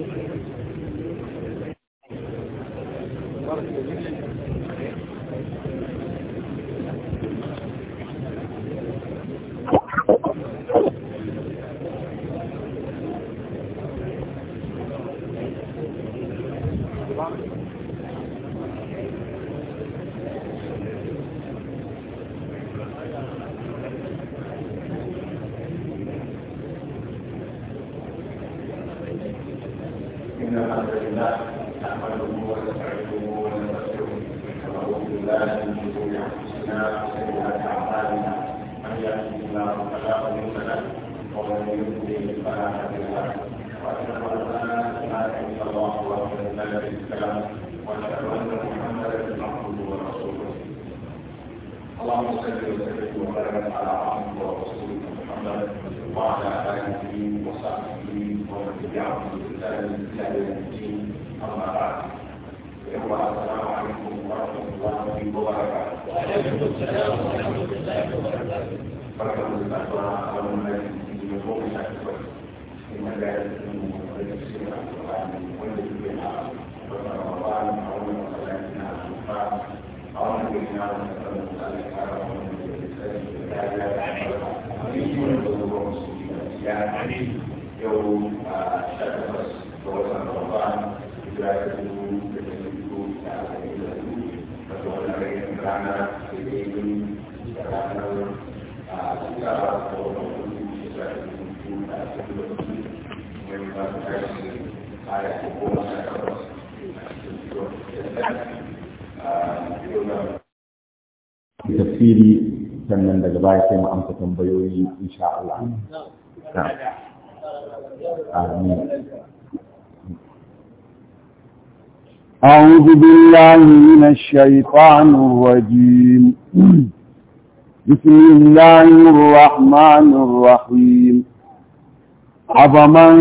Thank you. tafsiri sannan daga baya sai mu amsa tambayoyi insha Allah آمين أعوذ بالله من الشيطان الرجيم بسم الله الرحمن الرحيم أفمن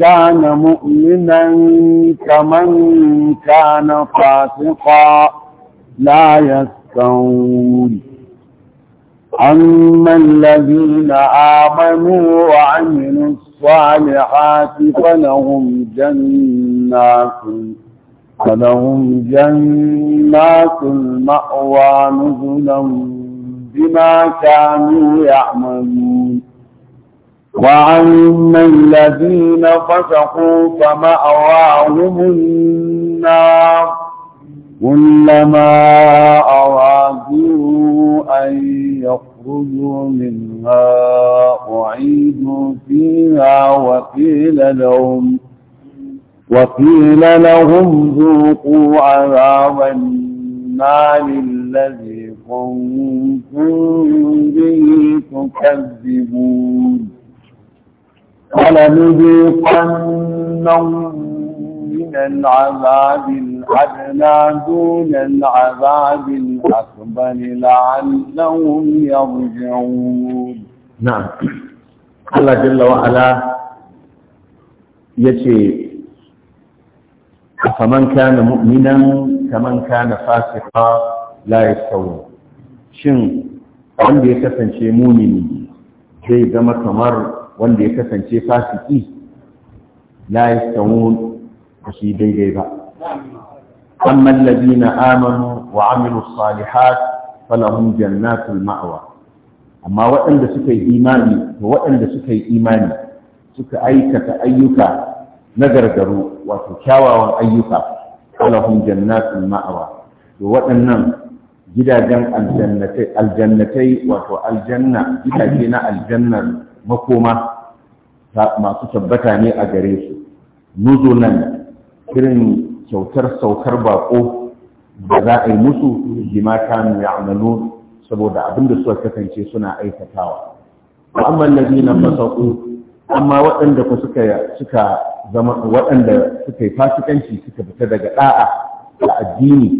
كان مؤمنا كمن كان فاسقا لا يستوون أما الذين آمنوا وعملوا الصالحات فلهم جنات فلهم جنات المأوى نزلا بما كانوا يعملون وأما الذين فسقوا فمأواهم النار كلما أرادوا فكلوا منها أعيدوا فيها وقيل لهم وقيل لهم ذوقوا عذاب النار الذي كنتم به تكذبون ولنذيقنهم من العذاب الأدنى دون العذاب الأكبر لعلهم يرجعون نعم الله جل وعلا يتي فمن كان مؤمنا كمن كان فاسقا لا يستوون شن wanda ya kasance mumini zai zama kamar wanda ya kasance fasiki la yastawun ba daidai ba amma alladhina amanu wa Aminu salihat falahum jannatul ma'wa amma waɗanda suka yi imani to waɗanda suka yi imani suka aikata ayyuka na gargaru wato kyawawan ayyuka falahum jannatul ma'wa to waɗannan gidajen aljannatai wato aljanna gidaje na aljannar makoma masu tabbata ne a gare su irin kyautar saukar bako da za a yi musu bima kanu ya'malu saboda abin da suka kasance suna aikatawa wa amma na fasaqu amma waɗanda ku suka suka zama waɗanda suka yi fasikanci suka fita daga ɗa'a, da addini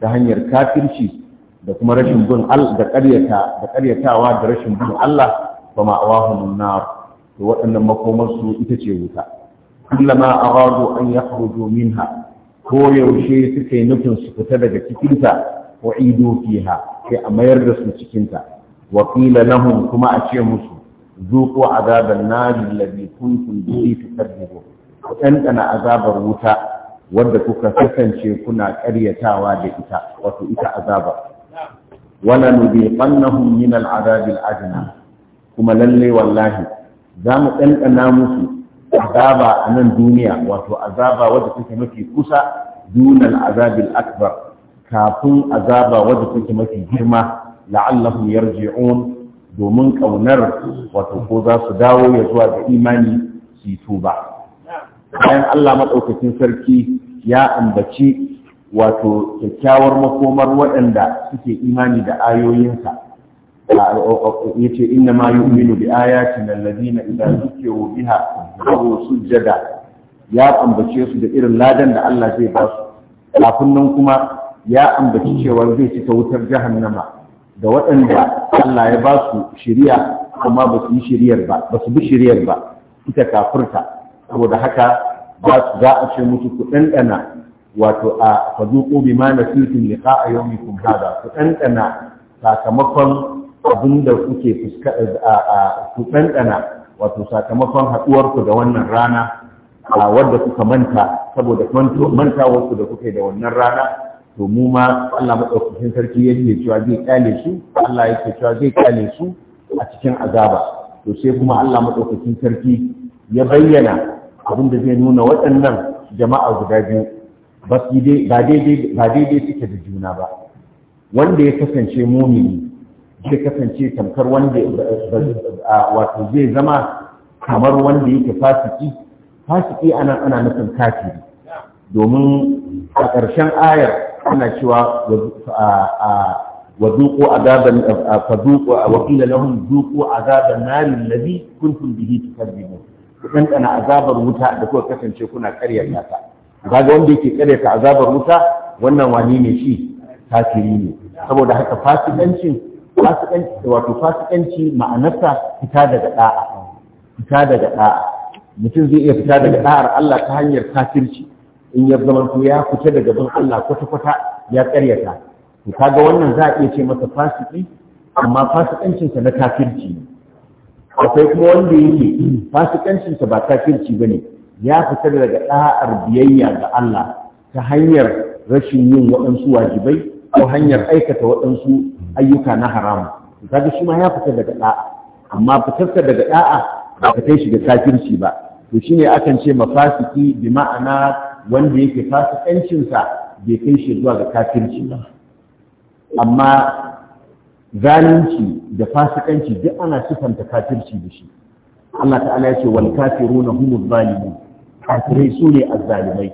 ta hanyar kafirci da kuma rashin bin da ƙaryata da ƙaryatawa da rashin bin Allah fa ma'awahum nar to waɗannan makomarsu ita ce wuta kullama aradu an yakhruju minha ko yaushe suke nufin su fita daga cikinta wa idu fiha sai a mayar da su cikinta wa qila lahum kuma a ce musu zuqu azaban nar alladhi kuntum bihi tukadzibun ku dandana azabar wuta wadda kuka kasance kuna karyatawa da ita wato ita azabar wala nudiqannahum min al'adabil adna kuma lalle wallahi za mu dandana musu azaba a nan duniya wato azaba wadda take mafi kusa dunan azabil akbar kafin azaba wadda take mafi girma la'allahum yarji'un domin kaunar wato ko za su dawo ya zuwa ga imani su yi tuba bayan Allah maɗaukacin sarki ya ambaci wato kyakkyawar makomar waɗanda suke imani da ayoyinsa yace inna ma yu'minu bi ayatina alladhina idza zukiru biha qalu sujada ya ambace su da irin ladan da Allah zai ba su kafin nan kuma ya ambaci cewa zai cika wutar jahannama da waɗanda Allah ya ba su shiriya kuma ba su yi ba ba su bi shiriyar ba ita kafirta saboda haka ba za a ce musu ku ɗanɗana wato a fazuƙo bi ma na filfin liƙa a yau mai kun hada ku ɗanɗana sakamakon abin da kuke fuska a su dandana, wato sakamakon haɗuwarku da wannan rana a wadda kuka manta saboda mantawarku da kuka yi da wannan rana to mu ma Allah maɗaukakin sarki yake cewa zai kyale su Allah yake cewa zai kyale su a cikin azaba to sai kuma Allah maɗaukakin sarki ya bayyana abin da zai nuna waɗannan jama'a guda biyu ba daidai suke da juna ba wanda ya kasance mumini zai kasance tamkar wanda wato zai zama kamar wanda yake fasiki fasiki ana ana nufin kafiri domin a ƙarshen ayar ana cewa wa zuqu azaban fa zuqu wa qila lahum zuqu azaban nar alladhi kuntum bihi tukadzibun dan kana azabar wuta da kuka kasance kuna ƙaryata ta kaga wanda yake ƙaryata azabar wuta wannan wani ne shi kafiri ne saboda haka fasikancin fasikanci wato fasikanci ma'anarsa fita daga da'a fita daga da'a mutum zai iya fita daga ɗa'ar Allah ta hanyar kafirci in ya zama ko ya fita daga bin Allah kwata kwata ya karyata to kaga wannan za a iya ce masa fasiki amma fasikancin na kafirci ne akwai kuma wanda yake fasikancin sa ba kafirci bane ya fita daga ɗa'ar biyayya ga Allah ta hanyar rashin yin waɗansu wajibai ko hanyar aikata waɗansu ayyuka na haramu kaga shi ma ya fita daga da'a amma fitarsa daga da'a ba ka kai shi ga kafirci ba to shine akan ce mafasiki bi ma'ana wanda yake fasikancin sa bai kai shi zuwa ga kafirci ba amma zalunci da fasikanci duk ana sifanta kafirci da shi Allah ta'ala ya ce wal kafiruna humuz zalimun kafirai su ne azzalimai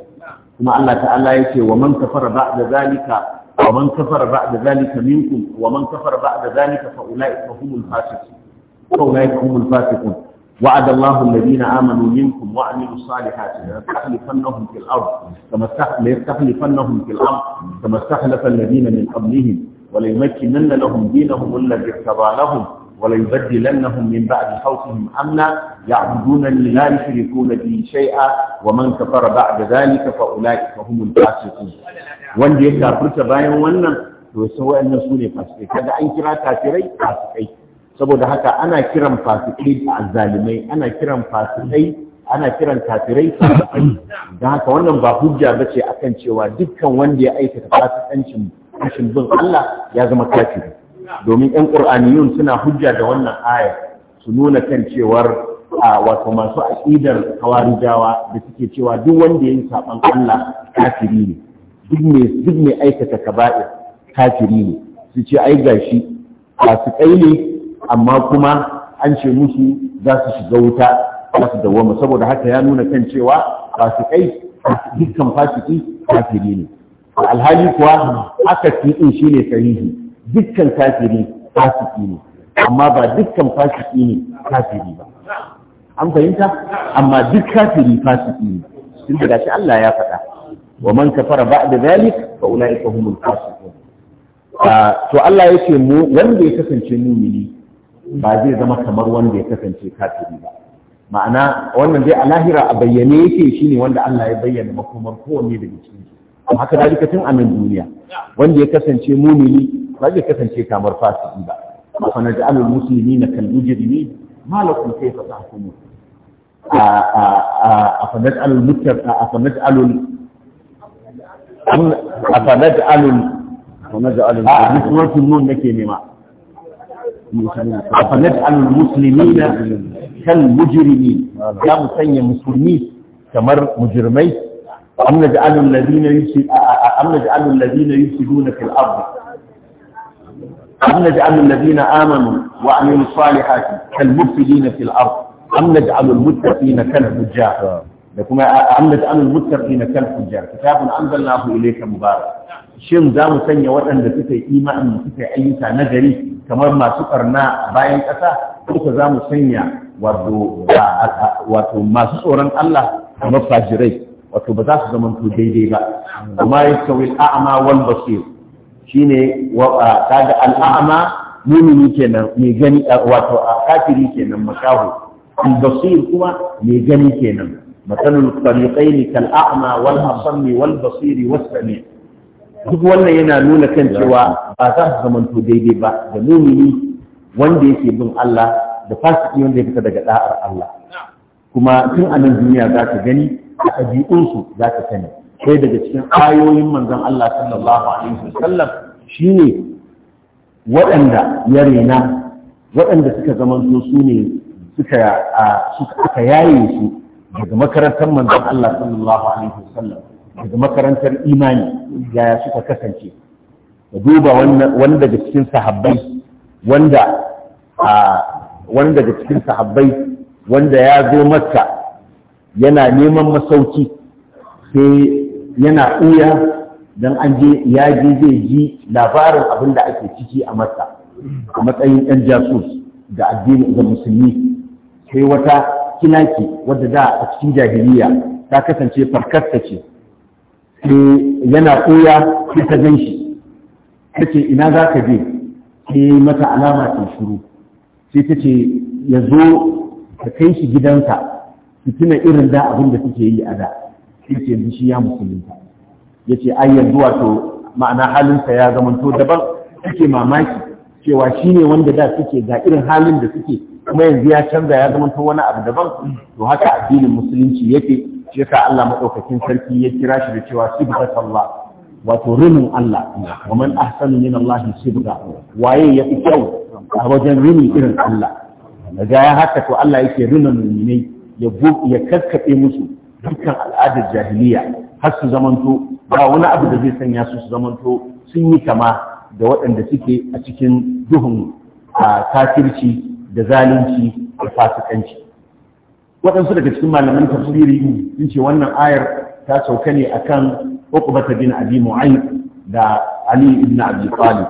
kuma Allah ta'ala ya ce wa man kafara ba'da zalika ومن كفر بعد ذلك منكم ومن كفر بعد ذلك فأولئك هم الفاسقون فأولئك هم الفاسقون وعد الله الذين آمنوا منكم وعملوا الصالحات ليستخلفنهم في الأرض كما ليستخلفنهم في الأرض كما استخلف الذين من قبلهم وليمكنن لهم دينهم الذي ارتضى لهم وليبدلنهم من بعد خوفهم أمنا يعبدونني لا يشركون بي شيئا ومن كفر بعد ذلك فأولئك هم الفاسقون وان دي كافرت باين وانا وسوى أن فاسقين كذا أن كرا كافرين فاسقين saboda haka ana kiran fasikai da azzalimai ana kiran fasikai ana kiran kafirai Da haka wannan ba hujja ba ce akan cewa dukkan wanda ya aikata fasikancin rashin bin Allah ya zama kafiri domin yan qur'aniyun suna hujja da wannan aya su nuna kan cewar a wato masu aƙidar kawarijawa da suke cewa duk wanda yayi saɓon Allah kafiri ne duk mai duk mai aikata kaba'ir kafiri ne su ce ai gashi ba su kai ne amma kuma an ce musu za su shiga wuta za su dawoma saboda haka ya nuna kan cewa ba su kai dukkan fasiki kafiri ne alhali kuwa aka tiɗin shi ne sahihi dukkan kafiri fasiki ne amma ba dukkan fasiki ne kafiri ba an fahimta amma duk kafiri fasiki ne tun da shi Allah ya faɗa wa man kafara ba'da zalik fa ulaika humul fasiqun to Allah yake mu wanda ya kasance mumini ba zai zama kamar wanda ya kasance kafiri ba ma'ana wannan dai a lahira a bayyane yake shine wanda Allah ya bayyana makomar kowanne daga cikin su haka dalika tun a nan duniya wanda ya kasance mumini ba zai kasance kamar fasiki ba fa naj'alul muslimina kal mujrimin ma lakum kayfa tahkumun a fa naj'alul muttaqin a fa naj'alul a fa naj'alul wa naj'alul muslimin nun nake nema a fa naj'alul muslimina kal mujrimin ya mu sanya kamar mujrimai am naj'alul ladina ladina yusifuna fil ardh أم نجعل الذين آمنوا وعملوا الصالحات كالمفسدين في الأرض أم نجعل المتقين كالفجار لكم أم نجعل المتقين كالفجار كتاب أنزلناه إليك مبارك shin za mu sanya waɗanda suka yi imanin suka yi ayyuka na gari kamar masu ƙarna bayan ƙasa ko za mu sanya wato masu tsoron Allah kamar fajirai wato ba za su zama daidai ba kuma yastawil a'ma wal basir shine wa kaga al'ama mumini kenan mai gani wato kafiri kenan makahu al-basir kuma mai gani kenan matsalul fariqain kal a'ma wal asammi wal basir was sami duk wannan yana nuna kan cewa ba za su zamanto daidai ba da mumini wanda yake bin Allah da fasiki wanda ya fita daga da'ar Allah kuma tun a nan duniya za ka gani a ɗabi'unsu za ka sani sai daga cikin ayoyin manzon Allah sallallahu alaihi wasallam shine waɗanda ya rena waɗanda suka zama su ne suka yaye su daga makarantar manzon Allah sallallahu alaihi wasallam daga makarantar imani yaya suka kasance da duba wani daga cikin sahabbai wanda wani daga cikin sahabbai wanda ya zo masa yana neman masauki sai yana ɓuya don an je ya je zai ji labarin abin da ake ciki a masa a matsayin ɗan jasus ga addini ga musulmi sai wata kinaki wadda da a cikin jahiliya ta kasance farkarta ce yana koya sai ta gan shi ta ce ina za ka je sai mata alama ta shuru sai ta ce ya zo ka kai shi gidansa su tuna irin da abin da suke yi a da sai ce shi ya musulunta ya ce a yanzu wato ma'ana halinsa ya zamanto daban suke mamaki cewa shi ne wanda da suke ga irin halin da suke kuma yanzu ya canza ya zamanto wani abu daban to haka addinin musulunci yake shi yasa Allah madaukakin sarki ya kira shi da cewa sibghatullah wato rinin Allah wa man ahsanu min Allah sibgha waye ya fi kyau a wajen rini irin Allah daga ya haka to Allah yake rinin mu'minai ya ya karkaɗe musu dukkan al'adar jahiliya har su zamanto ba wani abu da zai sanya su su zamanto sun yi kama da waɗanda suke a cikin duhun a kafirci da zalunci da fasikanci waɗansu daga cikin malaman tafsiri sun ce wannan ayar ta sauka ne akan uqbata bin abi mu'ayyib da ali ibn abi talib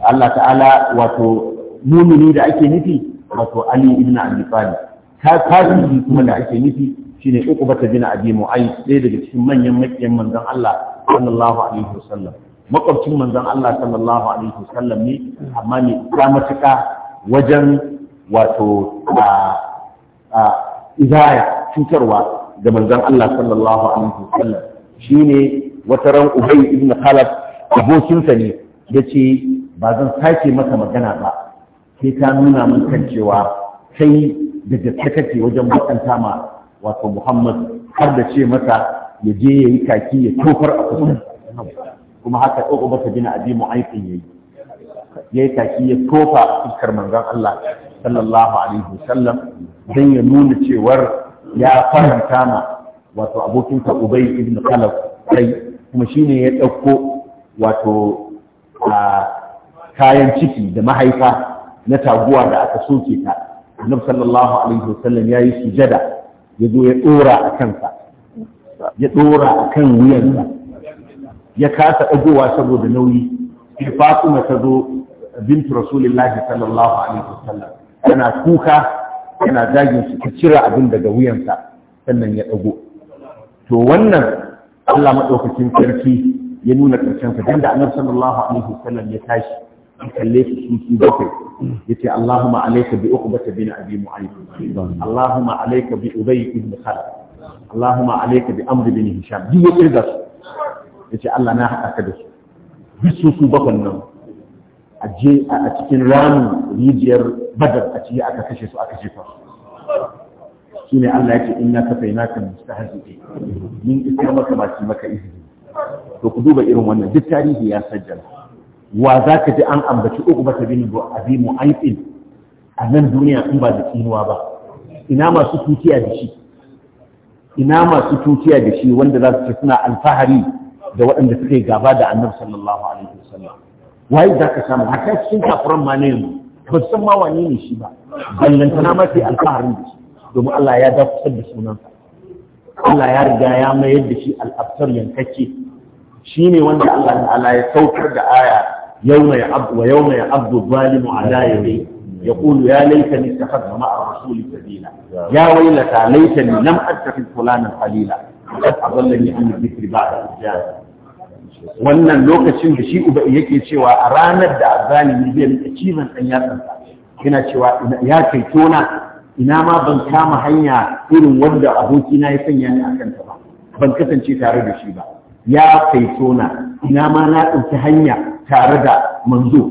Allah ta'ala wato mumini da ake nufi wato ali ibn abi talib kafiri kuma da ake nufi shine Uqbah bin Abi Mu'ayth ɗaya daga cikin manyan makiyan manzon Allah sallallahu alaihi wasallam makwabcin manzon Allah sallallahu alaihi wasallam ne amma ne ta matuƙa wajen wato a izaya cutarwa ga manzon Allah sallallahu alaihi wasallam shine wata ran Ubay ibn Khalaf abokinsa ne yace ba zan sake maka magana ba sai ta nuna min kan cewa kai da gaske kake wajen bakanta ma wato Muhammad har da ce masa ya je ya yi kaki ya tofar a kusa kuma haka ɗauko gina abin abi mu'aikin ya yi ya yi kaki ya tofa a fuskar manzon Allah sallallahu alaihi wasallam dan ya nuna cewar ya faranta ma wato abokinsa Ubay ibn Khalaf kai kuma shine ya ɗauko wato kayan ciki da mahaifa na taguwa da aka soke ta annabi sallallahu alaihi wasallam ya yi sujada ya zo ya ɗora a kansa ya ɗora a kan wuyansa ya kasa ɗagowa saboda nauyi sai fatima ta zo bintu rasulullahi sallallahu alaihi wasallam yana kuka yana zagin shi ta cire abin daga wuyansa sannan ya ɗago to wannan Allah maɗaukacin sarki ya nuna ƙarshen sa da annabi sallallahu alaihi wasallam ya tashi kalle shi shi shi bakwai yace Allahumma alayka bi uqbata bin abi mu'ayth Allahumma alayka bi ubay ibn khalaf Allahumma alayka bi amr bin hisham duk ya kirga su ce Allah na haɗa ka da su duk su su bakwan nan a je a cikin ramin rijiyar badar a cikin aka kashe su aka jefa su ne Allah ya ce in inna ka faina ka mustahzi min isar maka ba maka izini to ku duba irin wannan duk tarihi ya sajjala wa za ka ji an ambaci uku ba ta bi mu mu'aifin a nan duniya in ba da tsinuwa ba ina masu tutiya da shi ina masu tutiya da shi wanda za su ce suna alfahari da waɗanda suke gaba da annabi sallallahu alaihi wasallam waye za ka samu haka cikin kafiran ma ne ba san ma wane ne shi ba ballantana ma sai alfaharin da shi domin Allah ya dafisar da sunansa Allah ya riga ya mayar da shi al'abtar yankacce shi ne wanda Allah ta'ala ya saukar da aya يوم يعب ويوم يعب الظالم على يديه يقول يا ليتني اتخذت مع الرسول سبيلا يا ويلتى ليتني لم اتخذ فلانا خليلا وقد اضلني عن الذكر بعد اذ wannan lokacin da shi uba yake cewa a ranar da zalimi zai rika cizon ɗan yatsansa yana cewa ya kai tona ina ma ban kama hanya irin wanda abokina ya sanya ni a kanta ba ban kasance tare da shi ba ya kai tona ina ma na ɗauki hanya tare da manzo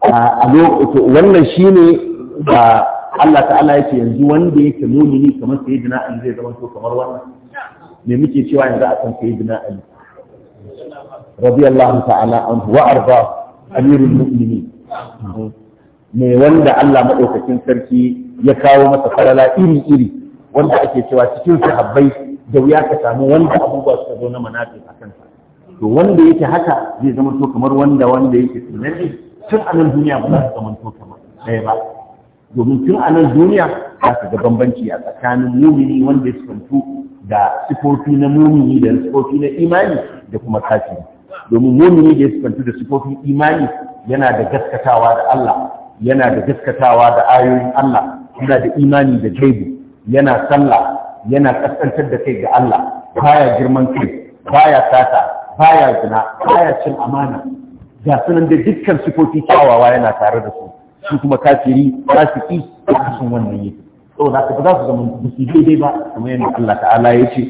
a lokacin wannan ne da Allah ta'ala yake yanzu wanda yake mumini kamar sayyidina Ali zai zama to kamar wannan me muke cewa yanzu a akan Allah Ali radiyallahu ta'ala an wa arda amirul mu'minin me wanda Allah madaukakin sarki ya kawo masa farala iri iri wanda ake cewa cikin sahabbai da wuya ka samu wanda abubuwa suka zo na manafi a sa to wanda yake haka zai zama to kamar wanda wanda yake tunani, tun a nan duniya ba za su zama to kamar ɗaya ba domin tun a nan duniya za ka ga bambanci a tsakanin mumini wanda ya sukantu da sifofi na mumini da sifofi na imani da kuma kafiri domin mumini da ya sukantu da sifofin imani yana da gaskatawa da Allah yana da gaskatawa da ayoyin Allah yana da imani da gaibu yana sallah yana kaskantar da kai ga Allah baya girman kai baya sata baya zina baya cin amana ga sunan da dukkan sifofi kyawawa yana tare da su shi kuma kafiri fasiki da sun wannan yi to da ba za su zama musu daidai ba kamar yadda Allah ta'ala ya ce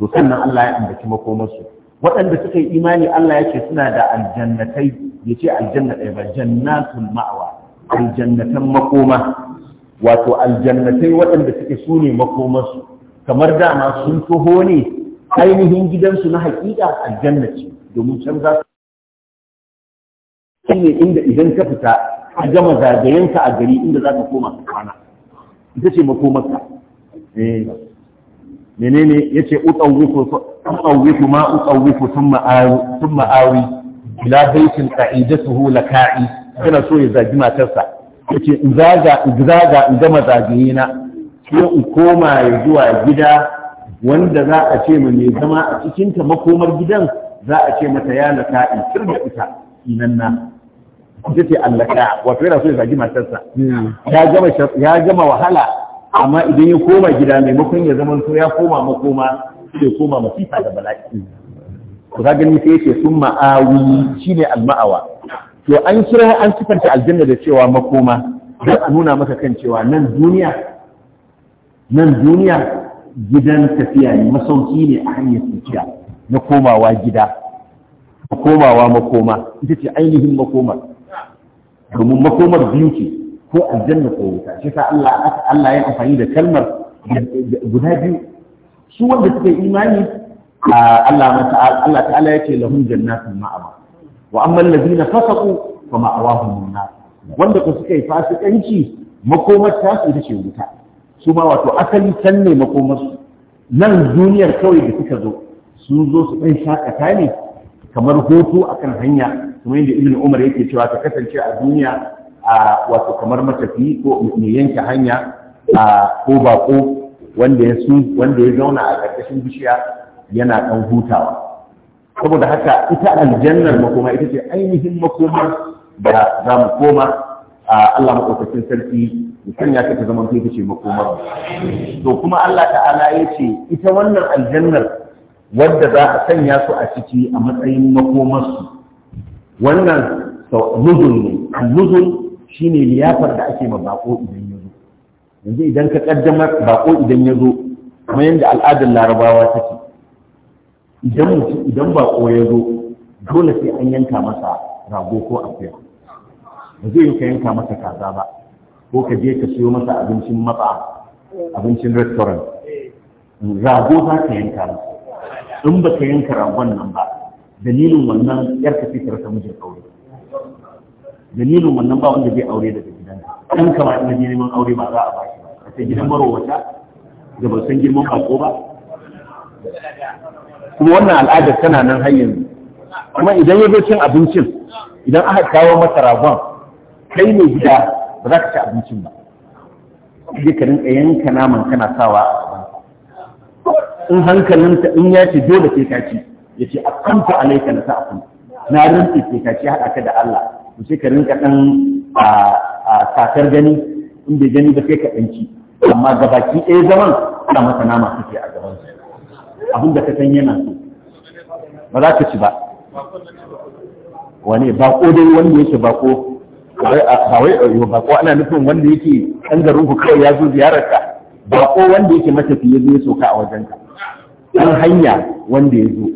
to sannan Allah ya ambaci makomarsu waɗanda suka yi imani Allah ya ce suna da aljannatai ya ce aljanna ɗaya ba jannatul ma'awa aljannatan makoma wato aljannatai waɗanda suke su ne makomarsu kamar dama sun taho ne ainihin gidansu na haƙiƙa a jannaci domin can za su ne inda idan ka fita a gama zagayenka a gari inda za ka koma ka kwana ita ce makomarka eh. menene ya ce utsawwiku ma utsawwiku sun ma'awi ila baitin ka'idatuhu laka'i Kana so ya zagi matarsa ya ce in zaga in gama zagaye na sai in koma ya zuwa gida wanda za a ce ma mai zama a cikinta makomar gidan za a ce mata ya laka in kirga ita inan na ita ce allaka wato yana so ya zagi matarsa ya gama wahala amma idan ya koma gida maimakon ya zama so ya koma makoma ya koma masifa da bala'i ku za gani sai ce sun ma'awi shine alma'awa to an kira an sifanta aljanna da cewa makoma don a nuna maka kan cewa nan duniya nan duniya gidan tafiya ne masauki ne a hanyar tafiya na komawa gida na komawa makoma ita ce ainihin makomar domin makomar biyu ce ko aljanna ko wuta shi sa Allah Allah ya amfani da kalmar guda biyu su wanda suka imani Allah Allah ta'ala yace lahum jannatun ma'aba wa amma allazina fasaqu fa ma'awahum nar wanda ko suka yi fasikanci makomar ta su ita ce wuta su ma wato asali can ne makomarsu nan duniyar kawai da suka zo sun zo su ɗan shakata ne kamar hutu akan hanya kuma yadda ibn umar yake cewa ta kasance a duniya a wato kamar matafi ko mai yanke hanya a ko bako wanda ya su wanda ya zauna a ƙarƙashin bishiya yana ɗan hutawa saboda haka ita aljannar makoma ita ce ainihin makomar da za mu koma A Allah maɗaukakin sarki ya sanya ta zaman kai ce makomar to kuma Allah ta'ala ya ce ita wannan aljannar wadda za a sanya su a ciki a matsayin makomar su wannan nuzul ne nuzul shine liyafar da ake ma bako idan ya zo yanzu idan ka kaddamar bako idan ya zo kamar yadda al'adar larabawa ta ce, idan bako ya zo dole sai an yanka masa rago ko akuya ba zai yi ka yanka masa kaza ba ko ka je ka siyo masa abincin matsa abincin restaurant rago za ka yanka masa in ba ka yanka ragon nan ba dalilin wannan yar ka fitar ta mijin aure dalilin wannan ba wanda zai aure daga gidan ɗan ka ba ina neman aure ba za a ba shi ba gidan ce wata marowata da ba san girman bako ba kuma wannan al'adar tana nan har yanzu kuma idan ya zo cin abincin idan aka kawo masa ragon kai ne gida ba za ka ci abincin ba sai ka rinka yanka naman kana sawa a in ta in ya ce dole sai ka ci ya ce a kanta alaika na sa'afin na rinke sai ka ci haɗa ka da Allah to sai ka rinka ɗan a sakar gani in bai gani ba sai ka ɗan ci amma gabaki ɗaya zaman ana masa nama kake a gaban abin da ka san yana so ba za ka ci ba wane bako dai wanda yake bako Ba a ana nufin wanda yake ɗan garin ku kawai ya zo ba ko wanda yake matafi ya zo ya soka a wajenka Dan hanya wanda ya zo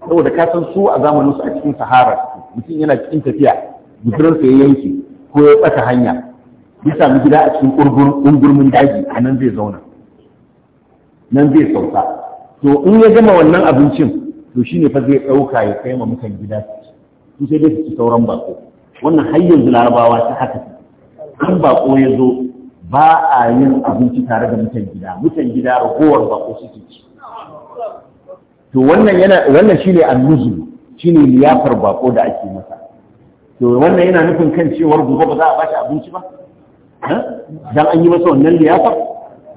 saboda ka san su a zamanin su a cikin sahara mutum yana cikin tafiya gudurinsa ya yanke ko ya ɓata hanya ya sami gida a cikin ƙungurmin daji a nan zai zauna nan zai sauka to in ya gama wannan abincin to shine fa zai ɗauka ya kai ma mutan gida su sai dai su ci sauran bako wannan hanyar yanzu larabawa ta haka kan bako ya zo ba a yin abinci tare da mutan gida mutan gida ragowar bako suke ci to wannan yana wannan shine annuzu shine liyafar bako da ake masa to wannan yana nufin kan cewar gobe ba za a bashi abinci ba dan an yi masa wannan liyafar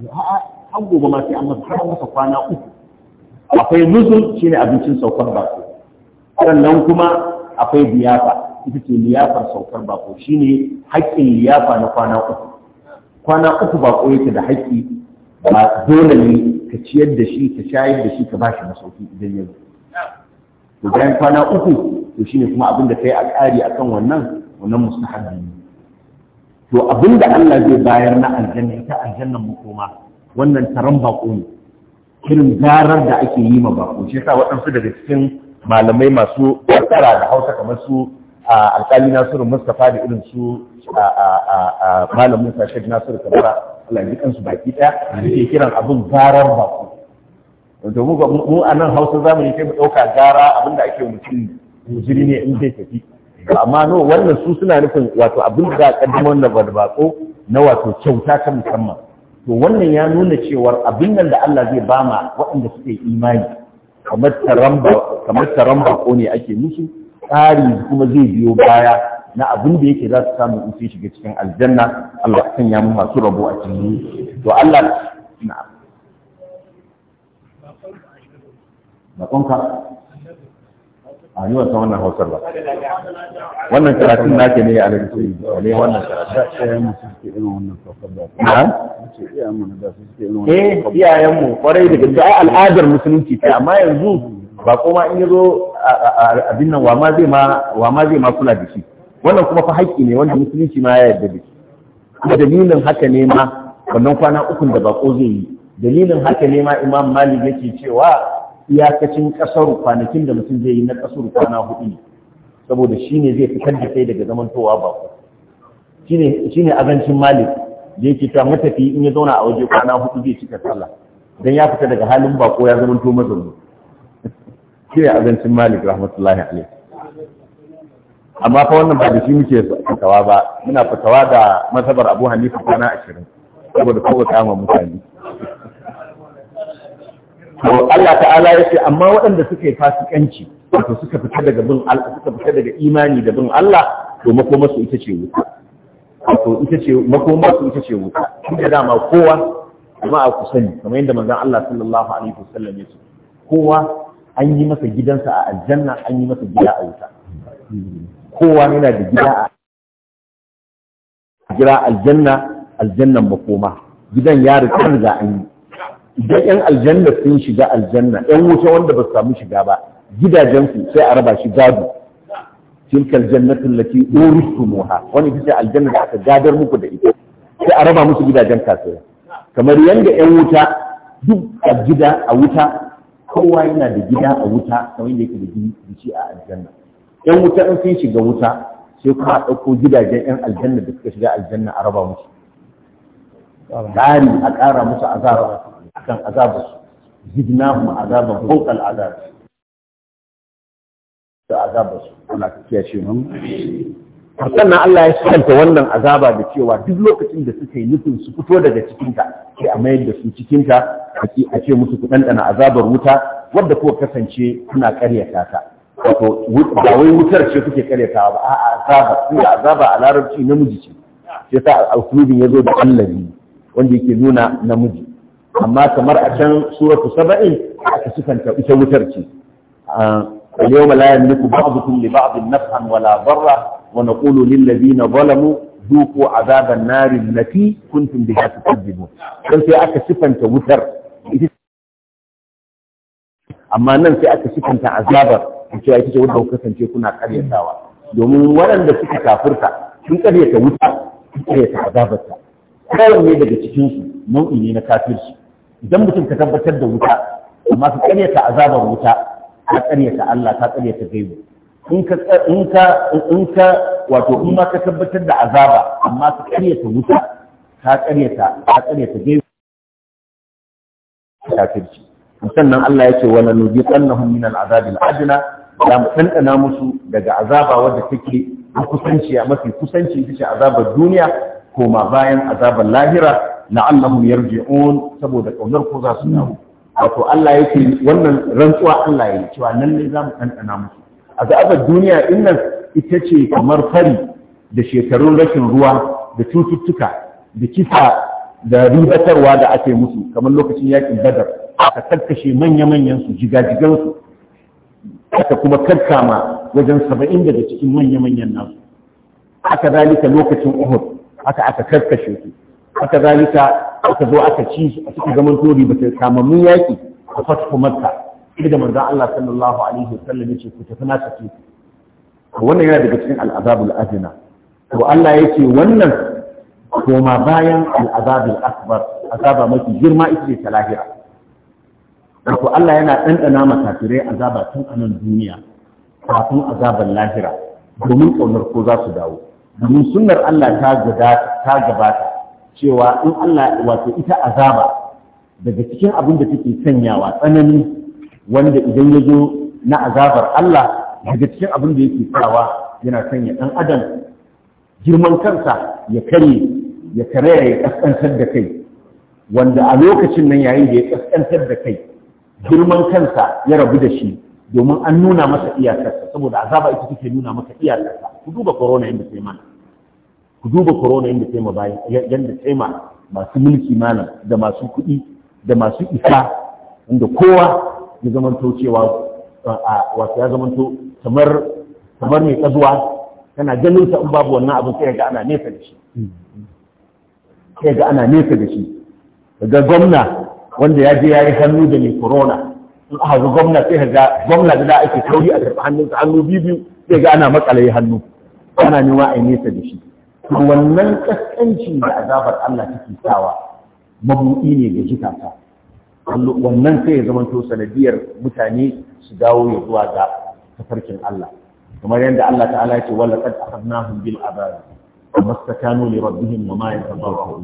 a'a gobe ma sai an masa har masa kwana uku akwai nuzul shine abincin saukar bako sannan kuma akwai biyafa ita ce liyafar saukar bako ne haƙƙin liyafa na kwana uku kwana uku bako yake da haƙƙi ba dole ne ka ciyar da shi ka shayar da shi ka ba shi masauki idan ya zo to bayan kwana uku to shine kuma abin da kai a ƙari akan wannan wannan mustahabbi ne to abin da Allah zai bayar na aljanna ita aljannan makoma wannan taron bako ne irin garar da ake yi ma bako shi yasa waɗansu daga cikin malamai masu tsara da hausa kamar su alƙali nasiru mustapha da irin su malam musa nasiru kabara allah ji kansu baki ɗaya ke kiran abin garar baku domin mu a nan hausa zamani sai mu ɗauka gara abin da ake mutum jiri ne in zai tafi amma no wannan su suna nufin wato abin da a ba da bako na wato kyauta ta musamman to wannan ya nuna cewar abin nan da Allah zai bama waɗanda suke imani kamar taron bako ne ake musu ƙari kuma zai biyo baya na abin da yake za su samu in sun shiga cikin aljanna Allah kan ya mun masu rabo a cikin to Allah na bakonka a yi wata wannan hausar ba wannan karatun na ke ne a lalata ne wannan karatun eh iyayenmu kwarai da gaske al'adar musulunci ce amma yanzu ba kuma in yazo abin nan wa ma zai ma wa ma zai ma kula da shi wannan kuma fa haƙƙi ne wanda musulunci ma ya yarda da shi kuma dalilin haka ne ma wannan kwana ukun da bako zai yi dalilin haka ne ma imam malik yake cewa iyakacin kasar kwanakin da mutum zai yi na kasar kwana hudu ne saboda shi ne zai fitar da kai daga zamantowa ku shi ne azancin malik da yake ta matafi in ya zauna a waje kwana hudu zai cika sallah don ya fita daga halin bako ya zamanto mazauni ke ne azancin malik rahmatullahi alaihi amma fa wannan ba da shi muke fitawa ba muna fitawa da masabar abu hanifa kwana ashirin saboda kowa kama mutane to Allah ta'ala ya ce amma waɗanda suka yi fasikanci wato suka fita daga bin Allah suka fita daga imani da bin Allah to makoma su ita ce wuta wato ita ce makoma su ita ce wuta shi da dama kowa kuma a ku sani kamar yadda manzon Allah sallallahu alaihi wasallam ya ce kowa an yi masa gidansa a aljanna an yi masa gida a wuta kowa yana da gida a jira aljanna aljannan makoma gidan ya rika riga an yi idan yan aljanna sun shiga aljanna yan wuta wanda ba su samu shiga ba gidajensu sai a raba shi gado tilka aljannatu allati uristumuha wani ita aljanna da aka gadar muku da ita sai a raba musu gidajen kasuwa kamar yanda yan wuta duk a gida a wuta kowa yana da gida a wuta kamar yadda yake da gici a aljanna yan wuta in sun shiga wuta sai kuma a ɗauko gidajen yan aljanna da suka shiga aljanna a raba musu ƙari a ƙara musu azaba akan azabarsu zidnahum azaban fawqa al'azab da azabarsu Allah ka kiyaye mu sannan Allah ya sukanta wannan azaba da cewa duk lokacin da suka yi nufin su fito daga cikinta sai a mayar da su cikinta a ce musu ku ɗanɗana azabar wuta wadda kuwa kasance kuna karyata ta wato ba wai wutar ce kuke karyatawa ba a azaba yi azaba a larabci namiji ce sai sa alkulubin ya zo da allazi wanda yake nuna namiji amma kamar a can suratu saba'in aka sukanta ita wutar ce ah, al yawma la yamliku ba'dukum li naf'an walabarra. ونقول للذين ظلموا ذوقوا عذاب النار التي كنتم بها تكذبون dan sai aka sifanta wutar amma nan sai aka sifanta azabar ita ce wanda kuka kasance kuna karyatawa domin waɗanda suka kafirta sun karyata wuta sun karyata azabarta kowanne daga cikinsu nau'i ne na kafirci idan mutum ka tabbatar da wuta amma ka karyata azabar wuta ka karyata Allah ka karyata gaibu in ka wato in ma ka tabbatar da azaba amma ka karyata wuta ka karyata ka karyata dai kafirci sannan Allah ya ce wala nuziqannahum min al'azabil adna za mu tantana musu daga azaba wadda take kusanci a mafi kusanci ita ce azabar duniya koma bayan azabar lahira la'annahum yarji'un saboda kaunar ko za su dawo wato Allah yake wannan rantsuwa Allah ya cewa nan ne za mu tantana musu azabar duniya din nan ita ce kamar fari da shekarun rashin ruwa da cututtuka da kisa da ribatarwa da ake musu kamar lokacin yakin badar aka karkashe manya-manyan su jigajigan su aka kuma karkama wajen saba'in daga cikin manya-manyan nasu aka zalika lokacin uhud aka aka karkashe su aka zalika aka zo aka ci su a cikin zaman tori ba sai kamammun yaƙi a fatu makka sai da manzon Allah sallallahu alaihi wasallam yace ku tafi wannan yana daga cikin al'azabul adna to Allah yace wannan koma bayan al'azabul akbar azaba mafi girma ita ce ta lahira wato Allah yana ɗanɗana ma kafirai azaba tun a nan duniya kafin azabar lahira domin ƙaunar ko za su dawo domin sunnar Allah ta gabata cewa in Allah wato ita azaba daga cikin abin da take sanyawa tsanani wanda idan ya zo na azabar Allah daga cikin abin da yake farawa yana sanya ɗan adam girman kansa ya kare ya kare ya ƙasƙantar da kai wanda a lokacin nan yayin da ya ƙasƙantar da kai girman kansa ya rabu da shi domin an nuna masa iyakarsa saboda azaba ita take nuna masa iyakarsa ku duba corona yadda ta yi mana ku duba corona yadda ta yi ma bayan ta yi ma masu mulki mana da masu kuɗi da masu isa inda kowa ya zamanto cewa wato ya zamanto kamar kamar mai kazuwa kana ganin ta in babu wannan abin sai ga ana nesa da shi sai ga ana nesa da shi ga gwamna wanda ya je ya yi hannu da mai corona in aka ga gwamna sai ga gwamna da ake tauri a karɓi hannunsa hannu biyu biyu sai ga ana makalai hannu ana nema a nesa da shi wannan kaskancin da azabar Allah take sawa mabuɗi ne ga jikata wannan sai ya zamanto sanadiyar mutane su dawo ya zuwa ga tafarkin Allah kamar yadda Allah ta'ala ya ce wala qad akhadnahum bil azab mastakanu li rabbihim wa ma yatadarrun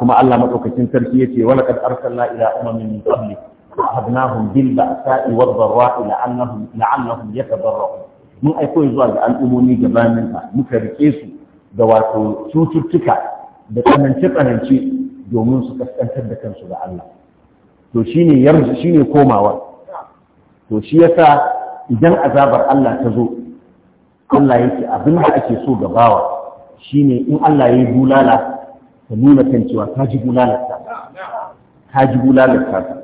kuma Allah madaukakin sarki yace wala qad arsalna ila umamin min qablik akhadnahum bil ba'sa'i wad dharra'i la'annahum la'annahum yatadarrun mun aiko zuwa ga al'ummomi gabanin muka rike su da wato cututtuka da tsananci tsananci domin su kaskantar da kansu ga Allah to shine yarzu shine komawa to shi yasa idan azabar Allah ta zo Allah yake abin da ake so ga bawa shine in Allah yayi bulala ta nuna kan cewa ta ji bulalarsa ta ji bulalarsa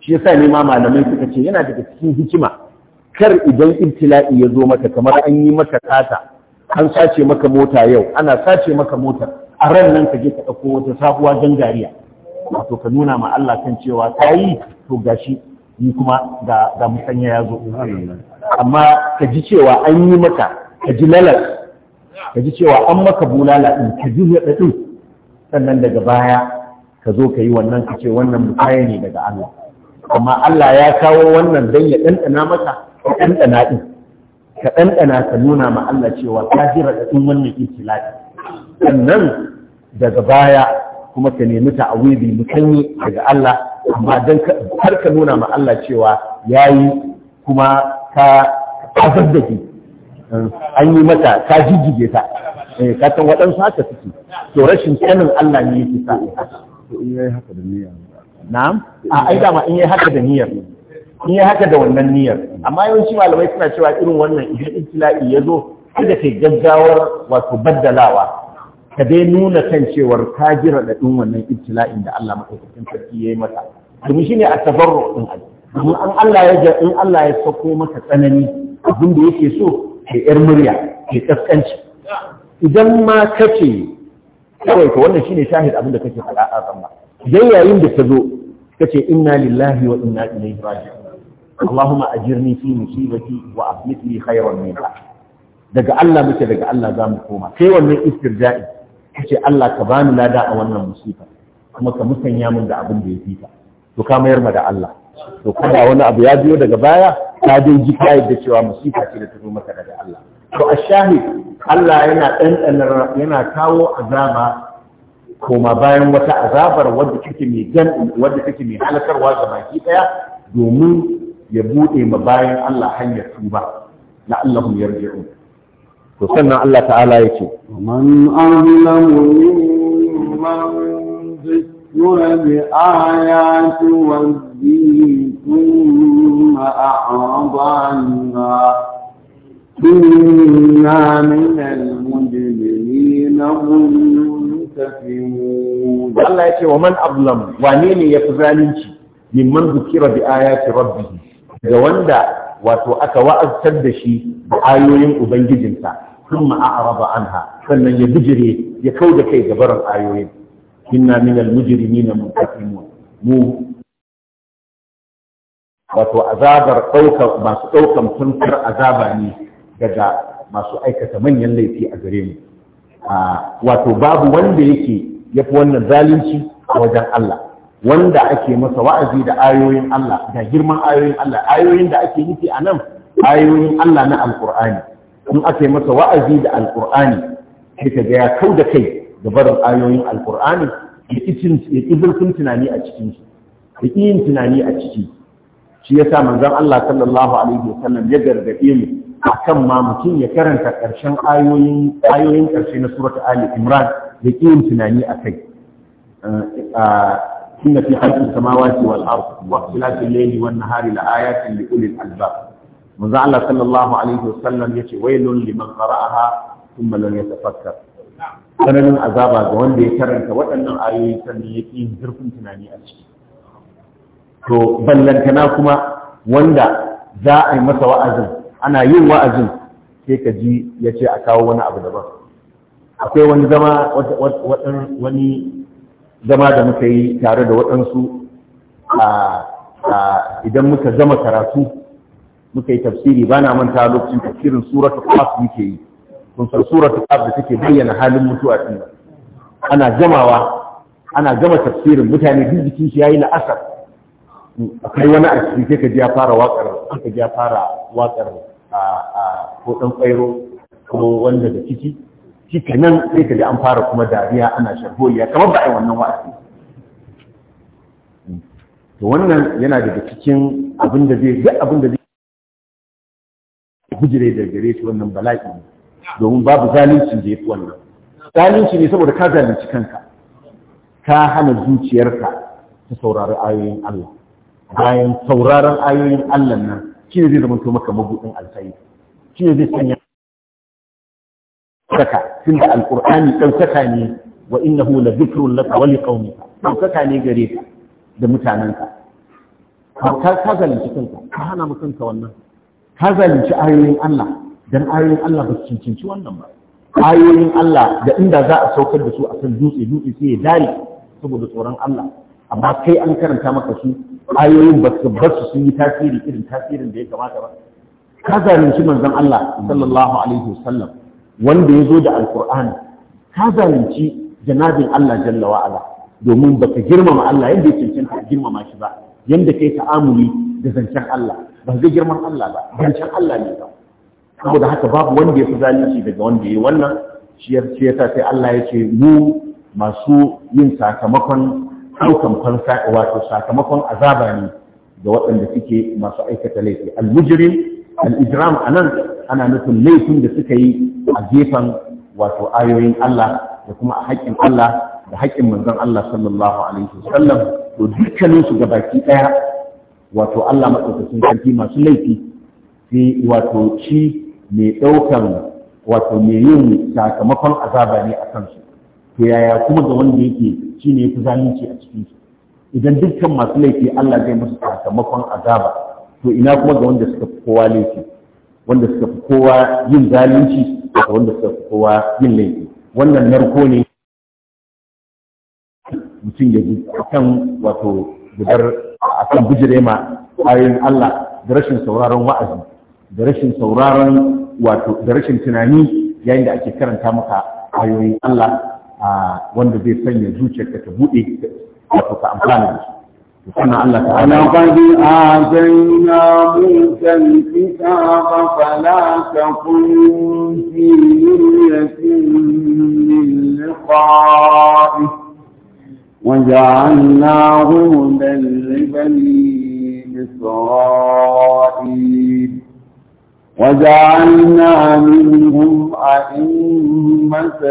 shi yasa ne ma malamai suka ce yana daga cikin hikima kar idan ibtila'i ya zo maka kamar an yi maka kata an sace maka mota yau ana sace maka motar a ran nan ka je ka ɗauko wata sabuwa gangariya wato ka nuna ma Allah kan cewa ta yi to gashi ni kuma ga ga musanya ya zo amma ka ji cewa an yi maka ka ji lalar ka ji cewa an maka bulala din ka ji raɗaɗin sannan daga baya ka zo ka yi wannan ka ce wannan musaya ne daga Allah amma Allah ya kawo wannan dan ya ɗanɗana maka ka ɗanɗana din. ka ɗanɗana ka nuna ma Allah cewa ka ji raɗaɗin wannan ibtila'i sannan daga baya kuma ka nemi ta'awili mutanyi daga Allah amma don har ka nuna ma Allah cewa ya yi kuma ka kasar da ke eh, an yi mata ka jijjige ta eh, ka san waɗansu haka suke to rashin sanin Allah ne yake sa in yayi haka da niyyar na'am a ai dama in yayi haka da niyyar in yayi haka da wannan niyyar amma yawanci malamai suna cewa irin wannan idan ibtila'i ya zo kada kai gaggawar wato baddalawa ka dai nuna kan cewar ka ji raɗaɗin wannan ibtila'in da Allah maɗaukakin sarki ya yi mata domin shi ne a tabarro ɗin abu domin an Allah ya ja in Allah ya sako maka tsanani abin da yake so ke ƴar murya ke ƙasƙanci idan ma ka ce kawai ka wannan shine shahid abin da kake faɗa a kan ba idan yayin da ka zo ka ce inna lillahi wa inna ilaihi raji'un Allahumma ajirni fi musibati wa aflif li khayran minha daga Allah muke daga Allah za mu koma sai wannan istirja'i ce Allah ka bani lada a wannan musifa kuma ka musanya min da abin da ya fita to ka mayar ma da Allah to kada wani abu ya biyo daga baya ka dai ji kai da cewa musifa ce da ta zo maka daga Allah to ashahi Allah yana ɗanɗanar yana kawo azaba koma bayan wata azabar wadda kake mai gan wadda take mai halakarwa ga baki daya domin ya bude ma bayan Allah hanyar tuba la'allahum yarji'un to sannan Allah ta'ala ya ce man azlamu mimman zikra bi ayati thumma a'rada anha inna min al-mujrimina muntakimun Allah ya ce wa man azlam wane ne ya fi zalunci mimman zikra bi ayati rabbi ga wanda wato aka wa'aztar da shi da ayoyin ubangijinsa ثم أعرض عنها فمن يبجري يكود كي جبر الآيوين إنا من المجرمين منتقمون مو wato azabar ɗaukar masu ɗaukar tuntar azaba ne daga masu aikata manyan laifi a gare mu wato babu wanda yake ya fi wannan zalunci a wajen Allah wanda ake masa wa'azi da ayoyin Allah da girman ayoyin Allah ayoyin da ake nufi a nan ayoyin Allah na alkur'ani in aka yi masa wa'azi da alƙur'ani sai ka ga ya kau da kai da barin ayoyin alƙur'ani ya ƙi tunani a cikin ya yin tunani a ciki shi ya sa manzon Allah sallallahu alaihi wasallam ya gargaɗe mu kan ma mutum ya karanta ƙarshen ayoyin ƙarshe na surat Ali Imran ya yin tunani a kai uh, inna fi haƙƙin samawati wal ardi wa ikhtilafil layli wan nahari la ayatin li ulil albab manzo Allah sallallahu alaihi wasallam yace wailun liman qara'aha thumma lam yatafakkar sananin azaba ga wanda ya karanta waɗannan ayoyi sannan ya ƙi zurfin tunani a ciki to ballantana kuma wanda za a yi masa wa'azin ana yin wa'azin sai ka ji ya ce a kawo wani abu daban akwai wani zama wani zama da muka yi tare da waɗansu idan muka zama karatu muka yi tafsiri ba na manta lokacin tafsirin suratu qaf muke yi kun san suratu qaf da take bayyana halin mutuwa din ana jamawa ana gama tafsirin mutane duk jikin shi yayi la'asar akwai wani a cikin sai ka ji ya fara waƙar ka ji ya fara waƙar a ko dan kwairo ko wanda da ciki kika nan sai ka ji an fara kuma dariya ana sharholiya kamar ba a yi wannan wa'azi to wannan yana daga cikin abin da zai ga abin da zai bijire da gare shi wannan bala'i ne domin babu zalunci da ya fi wannan zalunci ne saboda ka zalunci kanka ka hana zuciyarka ta saurari ayoyin Allah bayan sauraron ayoyin Allah nan shi ne zai zama to maka mabudin alkhairi shi ne zai sanya saka tunda alqur'ani dan saka ne wa innahu la dhikrun lak wa liqaumika dan saka ne gare ka da mutanen ka ka zalunci kanka ka hana mu wannan ka zalunci ayoyin Allah don ayoyin Allah ba su cancanci wannan ba ayoyin Allah da inda za a saukar da su a kan dutse dutse sai ya dare saboda tsoron Allah amma kai an karanta maka su ayoyin ba su su sun yi tasiri irin tasirin da ya kamata ba ka zalunci manzon Allah sallallahu alaihi wasallam wanda ya zo da alqur'ani ka zalunci janabin Allah jalla wa ala domin baka girmama Allah yanda ya cancanta girmama shi ba yanda kai ta'amuli da zancen Allah ban ga girman Allah ba zancen Allah ne ba saboda haka babu wanda ya fi zalunci daga wanda ya wannan shi ya ce sai Allah ya ce mu masu yin sakamakon ɗaukan fansa wato sakamakon azaba ne ga waɗanda suke masu aikata laifi al-mujrim al-ijram anan ana nufin laifin da suka yi a gefen wato ayoyin Allah da kuma a haƙƙin Allah da haƙƙin manzon Allah sallallahu alaihi sallam. to dukkanin su gabaki ɗaya wato Allah matsakasin sarki masu laifi fi wato shi mai ɗaukan wato mai yin sakamakon azaba ne a kansu to yaya kuma ga wanda yake shi ne fi zalunci a cikinsu? idan dukkan masu laifi Allah zai musu sakamakon azaba to ina kuma ga wanda suka fi kowa laifi wanda suka fi kowa yin zalunci da wanda suka fi kowa yin laifi wannan narko ne mutum ya ji kan wato gudar a kan bijire ma ayoyin Allah da rashin sauraron wa'azi da rashin sauraron wato da rashin tunani yayin da ake karanta maka ayoyin Allah a wanda zai sanya zuciyarka ta buɗe wato ka amfana da su سبحان A تعالى لقد آتينا موسى الكتاب فلا تكن في yasin min لقائه وجعلناهم هدى لبني إسرائيل وجعلنا منهم أئمة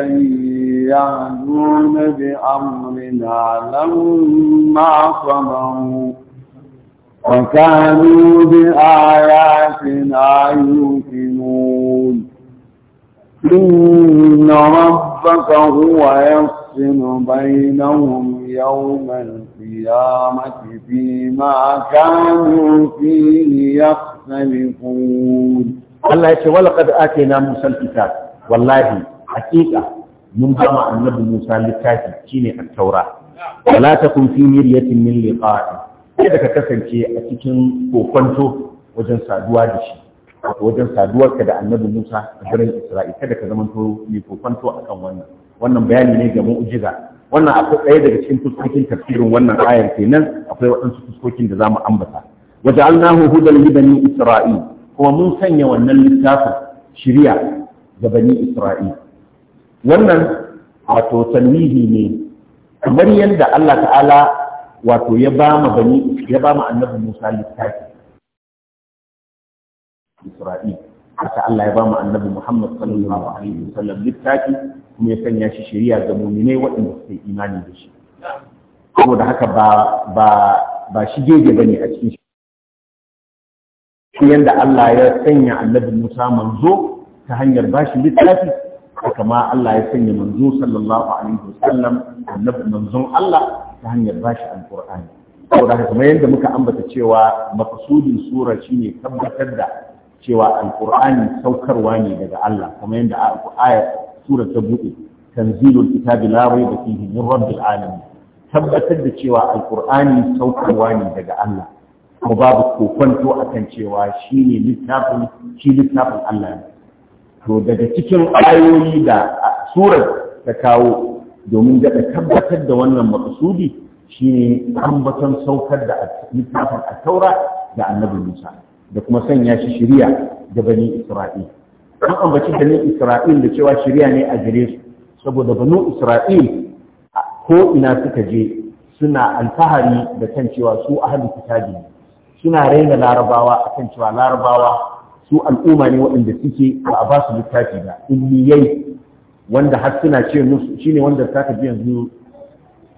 يهدون بأمرنا لما صبروا وكانوا بآياتنا يوقنون إن ربك هو يصبر يحسن بينهم يوم القيامة فيما كانوا فيه يختلفون الله يقول ولقد آتينا موسى الكتاب والله حقيقة من جمع النبي موسى لكاتي كيني التوراة ولا تكن في مرية من لقائه kada ka kasance a cikin kokonto wajen saduwa da shi wajen saduwarka da annabi Musa a daren Isra'i kada ka zama to mai kokonto akan wannan wannan bayani ne ga mu'jiza wannan akwai ɗaya daga cikin fuskokin tafsirin wannan ayar kenan akwai waɗansu fuskokin da zamu ambata waja'alnahu hudan li bani isra'il kuma mun sanya wannan littafin shiriya ga bani isra'il wannan wato tanwihi ne kamar yadda Allah ta'ala wato ya ba mu bani ya ba ma annabi Musa littafi Isra'il haka Allah ya ba mu annabi Muhammad sallallahu alaihi wasallam littafi kuma ya sanya shi shari'a ga muminai waɗanda suka yi imani da shi saboda haka ba ba ba shi gege bane a cikin shi yanda Allah ya sanya annabi Musa manzo ta hanyar bashi littafi kama Allah ya sanya manzo sallallahu alaihi wasallam annabi manzon Allah ta hanyar bashi alqur'ani saboda haka kuma yadda muka ambata cewa maqsudin sura shine tabbatar da cewa alqur'ani saukarwa ne daga Allah Kuma yadda ayat sura ta buɗe tanzilul kitabi la rayba fihi min rabbil alamin tabbatar da cewa alqur'ani saukarwa ne daga Allah kuma babu kokonto akan cewa shine littafin shi littafin Allah ne to daga cikin ayoyi da surar ta kawo domin daga tabbatar da wannan maƙasudi shine ambaton saukar da littafin a taura da annabi Musa da kuma sanya shi shirya da bani Isra'ila an ambaci ganin isra'il da cewa shirya ne a gare su saboda banu isra'il ko ina suka je suna alfahari da kan cewa su ahalin kitabi ne suna raina larabawa a kan cewa larabawa su al'umma ne waɗanda suke ba a ba su littafi ba illiyai wanda har suna ce musu shine wanda ta ji yanzu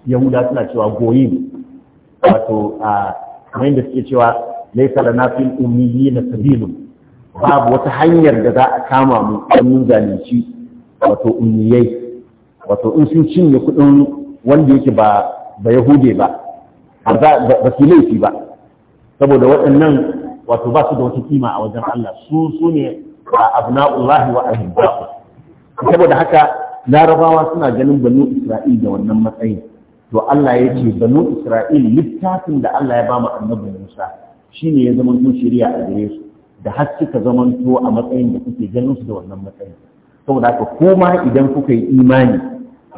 yahuda suna cewa goyim wato a kamar yadda suke cewa laisa lana fil ummiyina sabilun babu wata hanyar da za a kama mu don mun zalunci wato umiyai wato in sun cinye kuɗin wanda yake ba ba yahude ba ba su laifi ba saboda waɗannan wato ba su da wata kima a wajen Allah su su ne a abna'ullahi wa ahibba'u saboda haka larabawa suna ganin banu isra'il da wannan matsayin to Allah ya ce banu isra'il littafin da Allah ya ba mu annabi Musa shine ya zama shari'a a gare su da har suka zamanto a matsayin da kuke ganin su da wannan matsayin saboda haka kuma idan kuka yi imani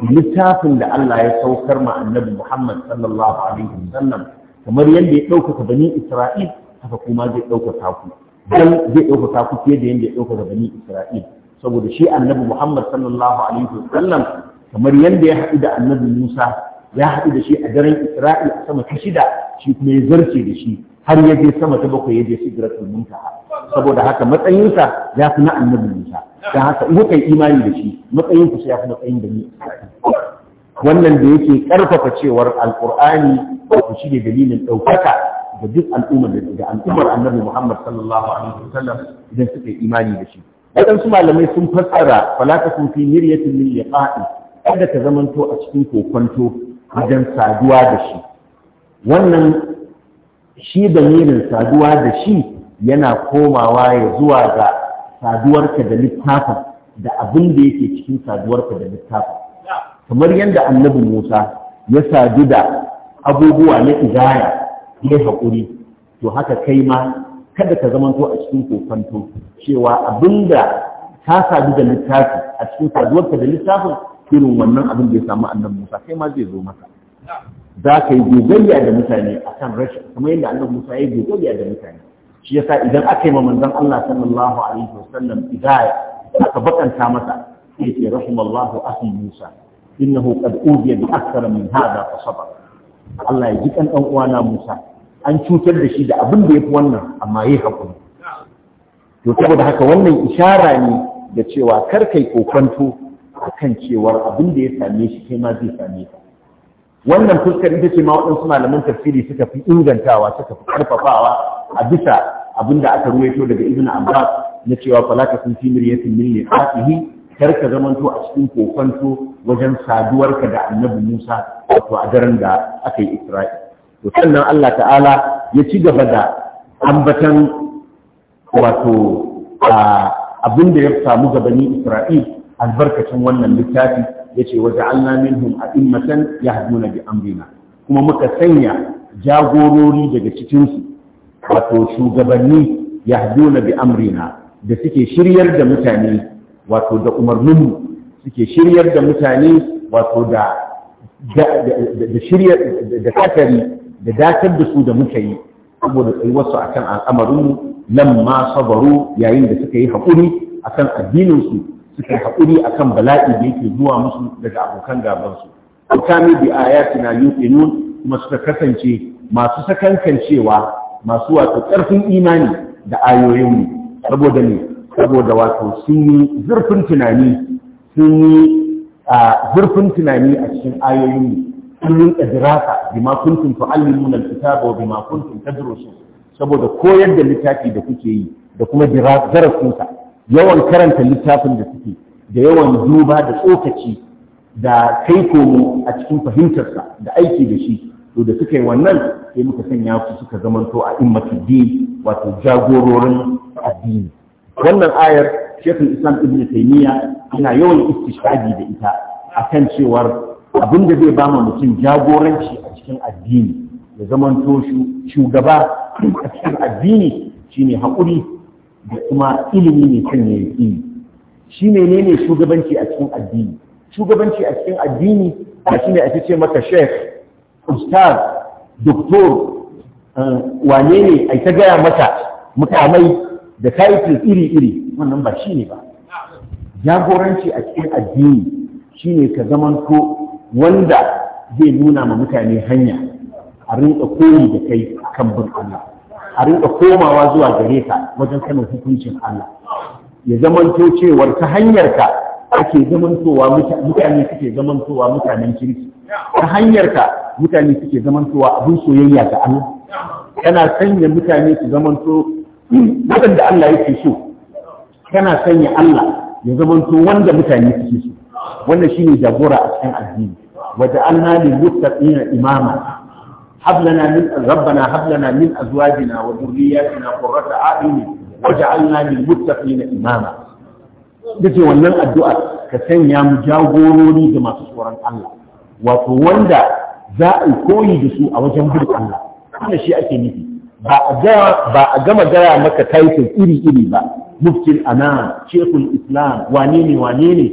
littafin da Allah ya saukar ma annabi Muhammad sallallahu alaihi wasallam kamar yadda ya ɗaukaka bani Isra'il haka kuma zai ɗaukaka ku dan zai ɗaukaka ku fiye da yadda ya ɗaukaka bani Isra'il saboda shi annabi Muhammad sallallahu alaihi wasallam kamar yadda ya haɗu da annabi Musa ya haɗu da shi a daren Isra'il a sama ta shida shi kuma ya zarce da shi har ya je sama ta bakwai ya je sidratul muntaha saboda haka matsayinsa ya fi na annabi Musa dan haka in kuka yi imani da shi matsayinsa ya fi matsayin da ni wannan da yake karfafa cewar alqur'ani wato shi ne dalilin daukaka ga duk al'ummar da ga al'ummar annabi Muhammad sallallahu alaihi wasallam idan suka yi imani da shi waɗansu malamai sun fassara falakatun fi miryatin min liqa'i kada ka zamanto a cikin kokonto wajen saduwa da shi wannan shi da saduwa da shi yana komawa ya zuwa ga saduwarka da littafin da abin da yake cikin saduwarka da littafin kamar yadda annabi Musa ya sadu da abubuwa na idaya ya haƙuri to haka kai ma kada ka zamanto a cikin kofanto cewa abinda ka sadu da littafi a cikin saduwarka da littafin irin wannan abin da ya samu annabi Musa kai ma zai zo maka za ka yi gogayya da mutane akan rashin kamar yadda annabi Musa ya yi gogayya da mutane shi yasa idan aka yi ma manzon Allah sallallahu alaihi wasallam idaya aka bakanta masa sai ce rahimallahu akhi Musa innahu qad ubiya bi akthar min hada fa sabara Allah ya ji kan dan uwana Musa an cutar da shi da abin da yafi wannan amma yayi hakuri to saboda haka wannan ishara ne da cewa kar kai kokonto kan cewar abin da ya same shi kai ma zai same ka wannan fuskar ita ce ma waɗansu malaman tafsiri suka fi ingantawa suka fi karfafawa a bisa abinda aka ruwaito daga ibn abbas na cewa falaka sun fi miryatin min liqatihi kar ka zamanto a cikin kokonto wajen saduwarka da annabi musa wato a daren da aka yi isra'i to sannan allah ta'ala ya ci gaba da ambatan wato abin da ya samu gabanin isra'il albarkacin wannan littafi ya ce wa ja'alna minhum a'immatan yahduna bi amrina kuma muka sanya jagorori daga cikinsu wato shugabanni yahduna bi amrina da suke shiryar da mutane wato da umarninmu suke shiryar da mutane wato da da da katari da datar da su da muka yi saboda tsayuwarsu a kan al'amarinmu nan ma sabaru yayin da suka yi haƙuri a kan addininsu suka yi haƙuri a kan bala'i da yake zuwa musu daga abokan gabansu. Kutami bi ayatina yuqinun kuma suka kasance masu sakankan cewa masu wato ƙarfin imani da ayoyinmu saboda ne saboda wato sun yi zurfin tunani sun yi zurfin tunani a cikin ayoyinmu sun yi ƙadirasa bima kuntum tu'allimuna alkitaba wa bima kuntum saboda koyar da littafi da kuke yi da kuma darasinsa yawan karanta littafin da suke da yawan duba da tsokaci da kai komo a cikin fahimtarsa da aiki da shi to da suka yi wannan sai muka sanya su suka zamanto a immatu din wato jagororin addini wannan ayar shekul islam ibn taymiya yana yawan istishhadi da ita akan cewar abin da zai bama mutum jagoranci a cikin addini ya zamanto shugaba a cikin addini shine haƙuri da kuma ilimi ne kan ya yi shi ne ne shugabanci a cikin addini shugabanci a cikin addini a shi ne ake ce maka shek ustaz doktor eh, wane ne a ta gaya mata mukamai da titles iri-iri wannan ba shi ne ba jagoranci a cikin addini shi ne ka ko wanda zai nuna ma mutane hanya a rinka koyi da kai kan bin Allah a rinka komawa zuwa gare ka wajen sanin hukuncin Allah ya zamanto cewar ta hanyarka ake zamantowa mutane suke zamantowa mutanen kirki ta hanyarka mutane suke zamantowa abin soyayya ga Allah kana sanya mutane su zamanto waɗanda Allah yake so kana sanya Allah ya zamanto wanda mutane suke so wannan shine jagora a cikin addini waja'alna lil muttaqina imama hab lana min rabbana hab lana min azwajina wa dhurriyyatina qurrata a'yun waja'alna lil muttaqina imama dace wannan addu'a ka sanya mu jagorori da masu tsoron Allah wato wanda za a koyi da su a wajen bin Allah wannan shi ake nufi ba a gama gaya maka titus iri-iri ba muftin ana shekul islam wane ne wane ne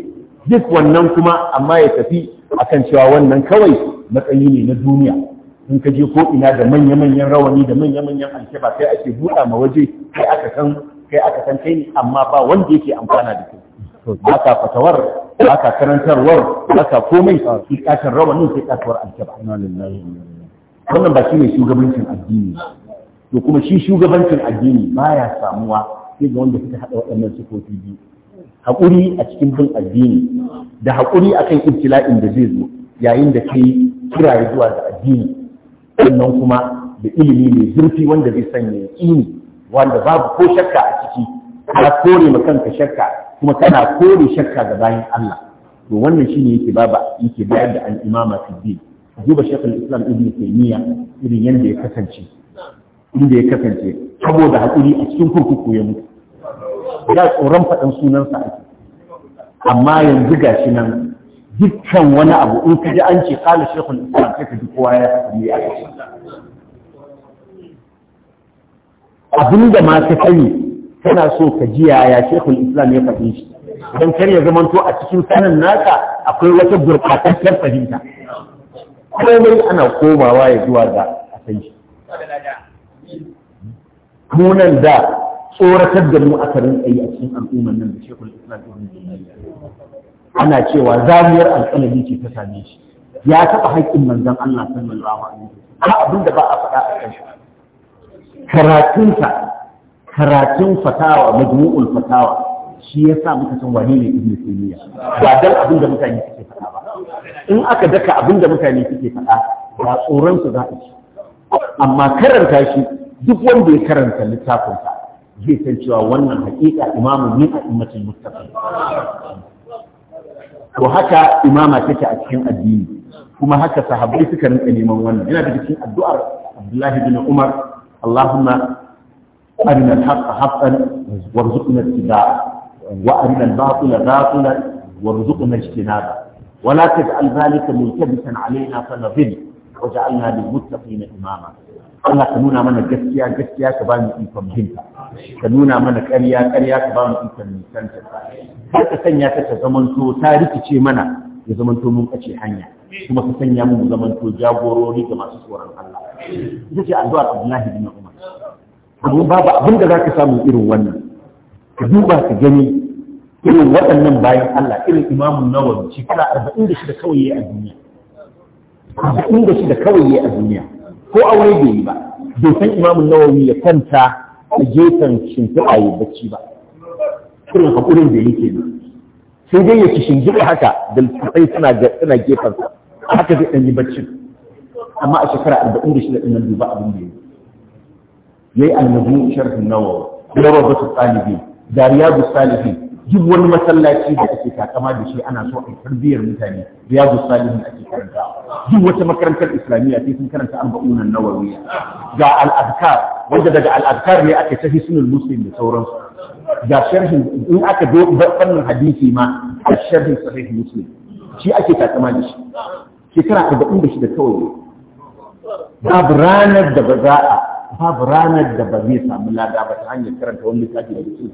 duk wannan kuma amma ya tafi akan cewa wannan kawai matsayi ne na duniya in ka je ko ina da manya-manyan rawani da manya-manyan alke sai ake buɗa ma waje kai aka san kai aka san kai ne amma ba wanda yake amfana da kai to ba ka fatawar ba ka karantarwar ba ka komai shi kashin rawanin sai kasuwar aljaba wannan ba shi ne shugabancin addini to kuma shi shugabancin addini baya samuwa sai ga wanda suka haɗa waɗannan sifofi biyu haƙuri a cikin bin addini da haƙuri kan ibtila'in da zai zo yayin da kai kiraye zuwa ga addini sannan kuma da ilimi mai zurfi wanda zai sanya yaƙini wanda babu ko shakka a ciki ka kore ma kanka shakka kuma kana kore shakka ga bayan Allah to wannan shine yake baba yake bayar da al-imama fi din duba shekul islam ibn taymiya irin yanda ya kasance inda ya kasance saboda hakuri a cikin kurkuku ya mutu ya tsoron faɗan sunansa ake amma yanzu gashi nan dukkan wani abu in ka ji an ce kala shekul islam sai ka ji kowa ya faɗi ne a abinda ma ka sani kana so ka ji yaya shekul islam ya faɗi shi don kar ya zamanto a cikin sanin naka akwai wata gurɓatattar fahimta komai ana komawa ya zuwa a akai shi munan da tsoratar da mu aka rinka yi a cikin al'umman nan da shekul islam ya ibn ana cewa zamiyar alƙalami ce ta same shi ya taɓa haƙƙin manzon Allah sallallahu alaihi wasallam abin da ba a faɗa a kan shi karatunsa karatun fatawa majmu'ul fatawa shi ya sa muka san wane ne ibn taymiya ba dan abin da mutane suke faɗa ba in aka daka abin da mutane suke faɗa ba tsoron su za a ci amma karanta shi duk wanda ya karanta littafinsa zai san cewa wannan haƙiƙa imamu min a'immatul muttaqin to haka imama take a cikin addini kuma haka sahabbai suka rinka neman wannan yana da cikin addu'ar Abdullahi bin Umar Allahumma أرنا الحق حقا وارزقنا اتباعه وأرنا الباطل باطلا وارزقنا اجتنابه ولا تجعل ذلك ملتبسا علينا فنضل وجعلنا للمتقين إماما Allah ka nuna mana gaskiya gaskiya ka ba mu ikon binta ka nuna mana ƙarya ƙarya ka ba mu ikon nisanta sanya ta ta zamanto ta mana ya zamanto mun kace hanya kuma ka sanya mu zamanto jagorori ga masu tsoron Allah ita ce addu'ar Abdullahi domin babu abin da za ka samu irin wannan ka duba ka gani irin waɗannan bayan Allah irin imamun nawawi shekara arba'in da shida kawai ya a duniya arba'in da shida kawai ya a duniya ko aure bai yi ba bai san imamun nawawi ya kanta a gefen shimfiɗa ya bacci ba irin haƙurin da yake nan sai dai ya ci shingiɗa haka da sai suna gefen haka zai ɗan yi baccin amma a shekara arba'in da shida ɗin nan duba abin da ya yi yayi annabi sharhin nawawi da rawatu talibi da riyadu salihin duk wani masallaci da ake takama da shi ana so a tarbiyyar mutane riyadu salihin ake karanta duk wata makarantar islamiyya sai sun karanta arba'una nawawiya ga al-azkar wanda daga al-azkar ne ake ta hisnul muslim da sauransu ga sharhin in aka do fannin hadisi ma a sharhin sahih muslim shi ake takama da shi shekara arba'in da shida kawai babu ranar da ba za a babu ranar da ba zai samu lada ba ta hanyar karanta wani misali da cikin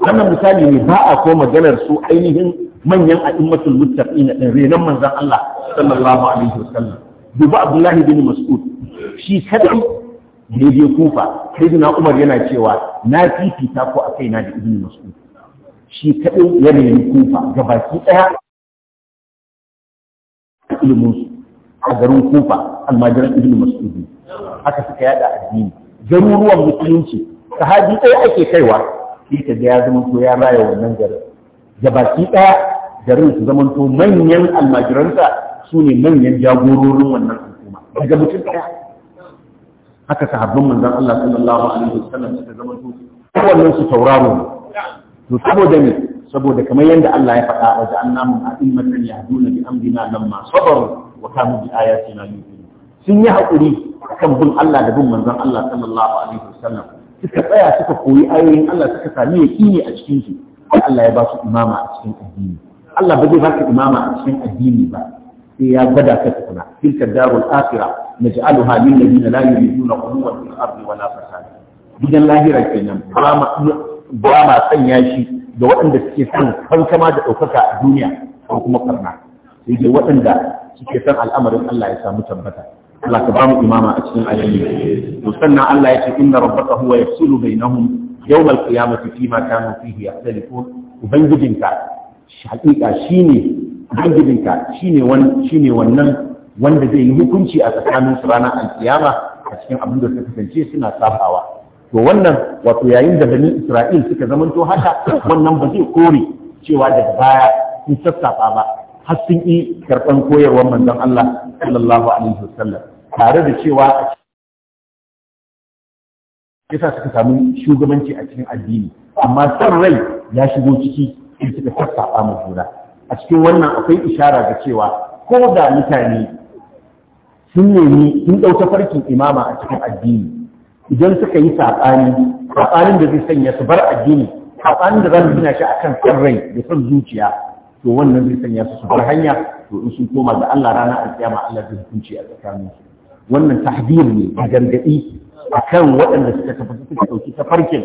wannan misali ne ba a koma maganar su ainihin manyan a'immatul muttaqin din renan manzan Allah sallallahu alaihi wasallam duba Abdullahi bin Mas'ud shi kadai ne je kufa sayyidina Umar yana cewa na fifita ko akai na da ibn Mas'ud shi kadai yana yin kufa gabaki daya ilimin su a garin kufa almajiran ibn mas'udi haka suka yada addini garuruwan musulunci sahabi ɗaya ake kaiwa sai ka ga ya zama to ya raya wannan garin da baki ɗaya garin su zama to manyan almajiransa su ne manyan jagororin wannan hukuma daga mutum ɗaya haka sahabban manzon Allah sallallahu alaihi wasallam suka zama to wannan su tauraro ne, to saboda ne saboda kamar yadda Allah ya faɗa wa ja'alna min a'immatan yahduna bi amrina lamma sabaru wa kanu bi ayatina yuqinun sun yi hakuri kan bin Allah da bin manzon Allah sallallahu alaihi wasallam suka tsaya suka koyi ayoyin Allah suka sami yaqini a cikin su Allah ya ba su imama a cikin addini Allah ba zai ba ka imama a cikin addini ba sai ya gwada ka tukuna tilka darul akhirah naj'aluha lil ladina la yuriduna quluwan fil ardi wala fasada gidan lahira kenan ba ma ba ma sanya shi da waɗanda suke son fankama da ɗaukaka a duniya ko kuma karna sai dai waɗanda suke son al'amarin Allah ya samu tabbata Allah ka ba mu imama a cikin addini to sannan Allah ya ce inna rabbaka huwa yafsulu bainahum yawm al-qiyamati fima kanu fihi yahtalifun ubangijinka hakika shine ubangijinka shine wannan shine wannan wanda zai yi hukunci a tsakanin su ranar alkiyama a cikin abin da suka kasance suna sabawa to wannan wato yayin da bani isra'il suka zamanto haka wannan ba zai kore cewa daga baya sun sassafa ba har sun yi karɓan koyarwar manzon Allah sallallahu alaihi wasallam tare da cewa yasa suka samu shugabanci a cikin addini amma san rai ya shigo ciki sai suka sassafa mu juna a cikin wannan akwai ishara da cewa ko da mutane sun nemi sun ɗauka farkin imama a cikin addini idan suka yi saɓani saɓanin da zai sanya su bar addini saɓanin da za mu gina shi akan kan rai da son zuciya to wannan zai sanya su su bar hanya to in sun koma ga Allah rana alƙiyama Allah zai hukunci a tsakanin su wannan tahdir ne a gargaɗi akan waɗanda suka tafi suka ɗauki tafarkin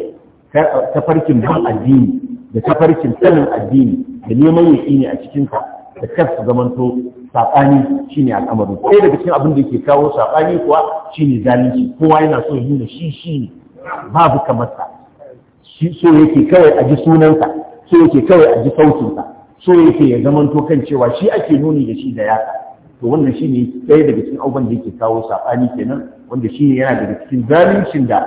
tafarkin ban addini da tafarkin sanin addini da neman ne a cikinsa da kar su zamanto saɓani ne al'amari ɗaya daga cikin abin da ke kawo saɓani kuwa shine zalunci kowa yana so ya nuna shi shi ne babu kamar sa so yake kawai a ji sunansa so yake kawai a ji sautinsa so yake ya zamanto kan cewa shi ake nuni da shi da ya to wannan shi ne ɗaya daga cikin abubuwan da yake kawo saɓani kenan wanda shi ne yana daga cikin zaluncin da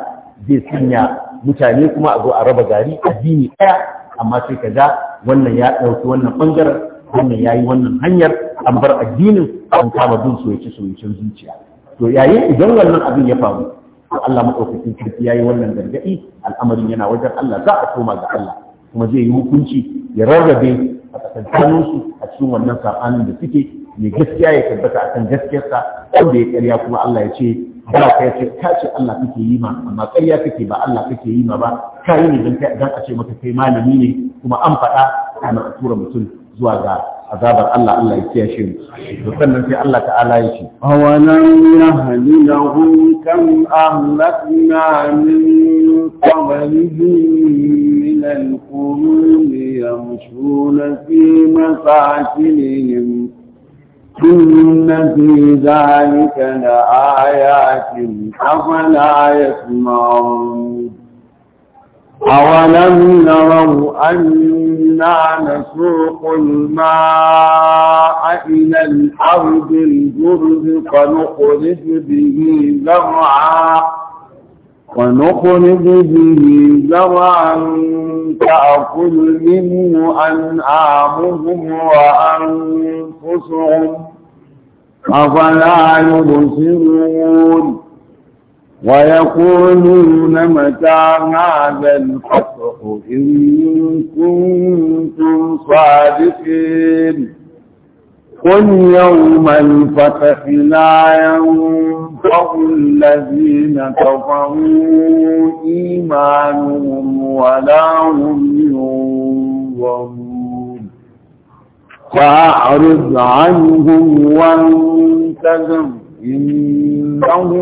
zai sanya mutane kuma a zo a raba gari addini ɗaya amma sai ka ga wannan ya ɗauki wannan ɓangaren wannan yi wannan hanyar an bar addinin an kama bin soyace soyacen zuciya to yayin idan wannan abin ya faru Allah maɗaukakin kirki ya yi wannan gargaɗi al'amarin yana wajen Allah za a koma ga Allah kuma zai yi hukunci ya rarrabe a su a cikin wannan saɓanin da suke mai gaskiya ya tabbata a kan gaskiyarsa wanda ya ƙarya kuma Allah ya ce ba ka ya ce ka ce Allah kake yi ma amma ƙarya kake ba Allah kake yi ma ba ka yi ne don a ce maka kai malami ne kuma an faɗa ana tura mutum zuwa ga azabar Allah Allah ya kiyashe mu to sannan sai Allah ta'ala ya ce awalan yahdi lahum kam ahlakna min qablihim من القرون يمشون في مساكنهم إن في ذلك لآيات أفلا يسمعون أولم يروا أنا نسوق الماء إلى الأرض الجرد فنخرج به زرعا ونخرج به زرعا تأكل منه أنعامهم وأنفسهم أفلا يبصرون ويقولون متى هذا الفتح إن كنتم صادقين قل يوم الفتح لا ينفع الذين كفروا إيمانهم ولا هم ينظرون فأعرض عنهم وانتظروا إنهم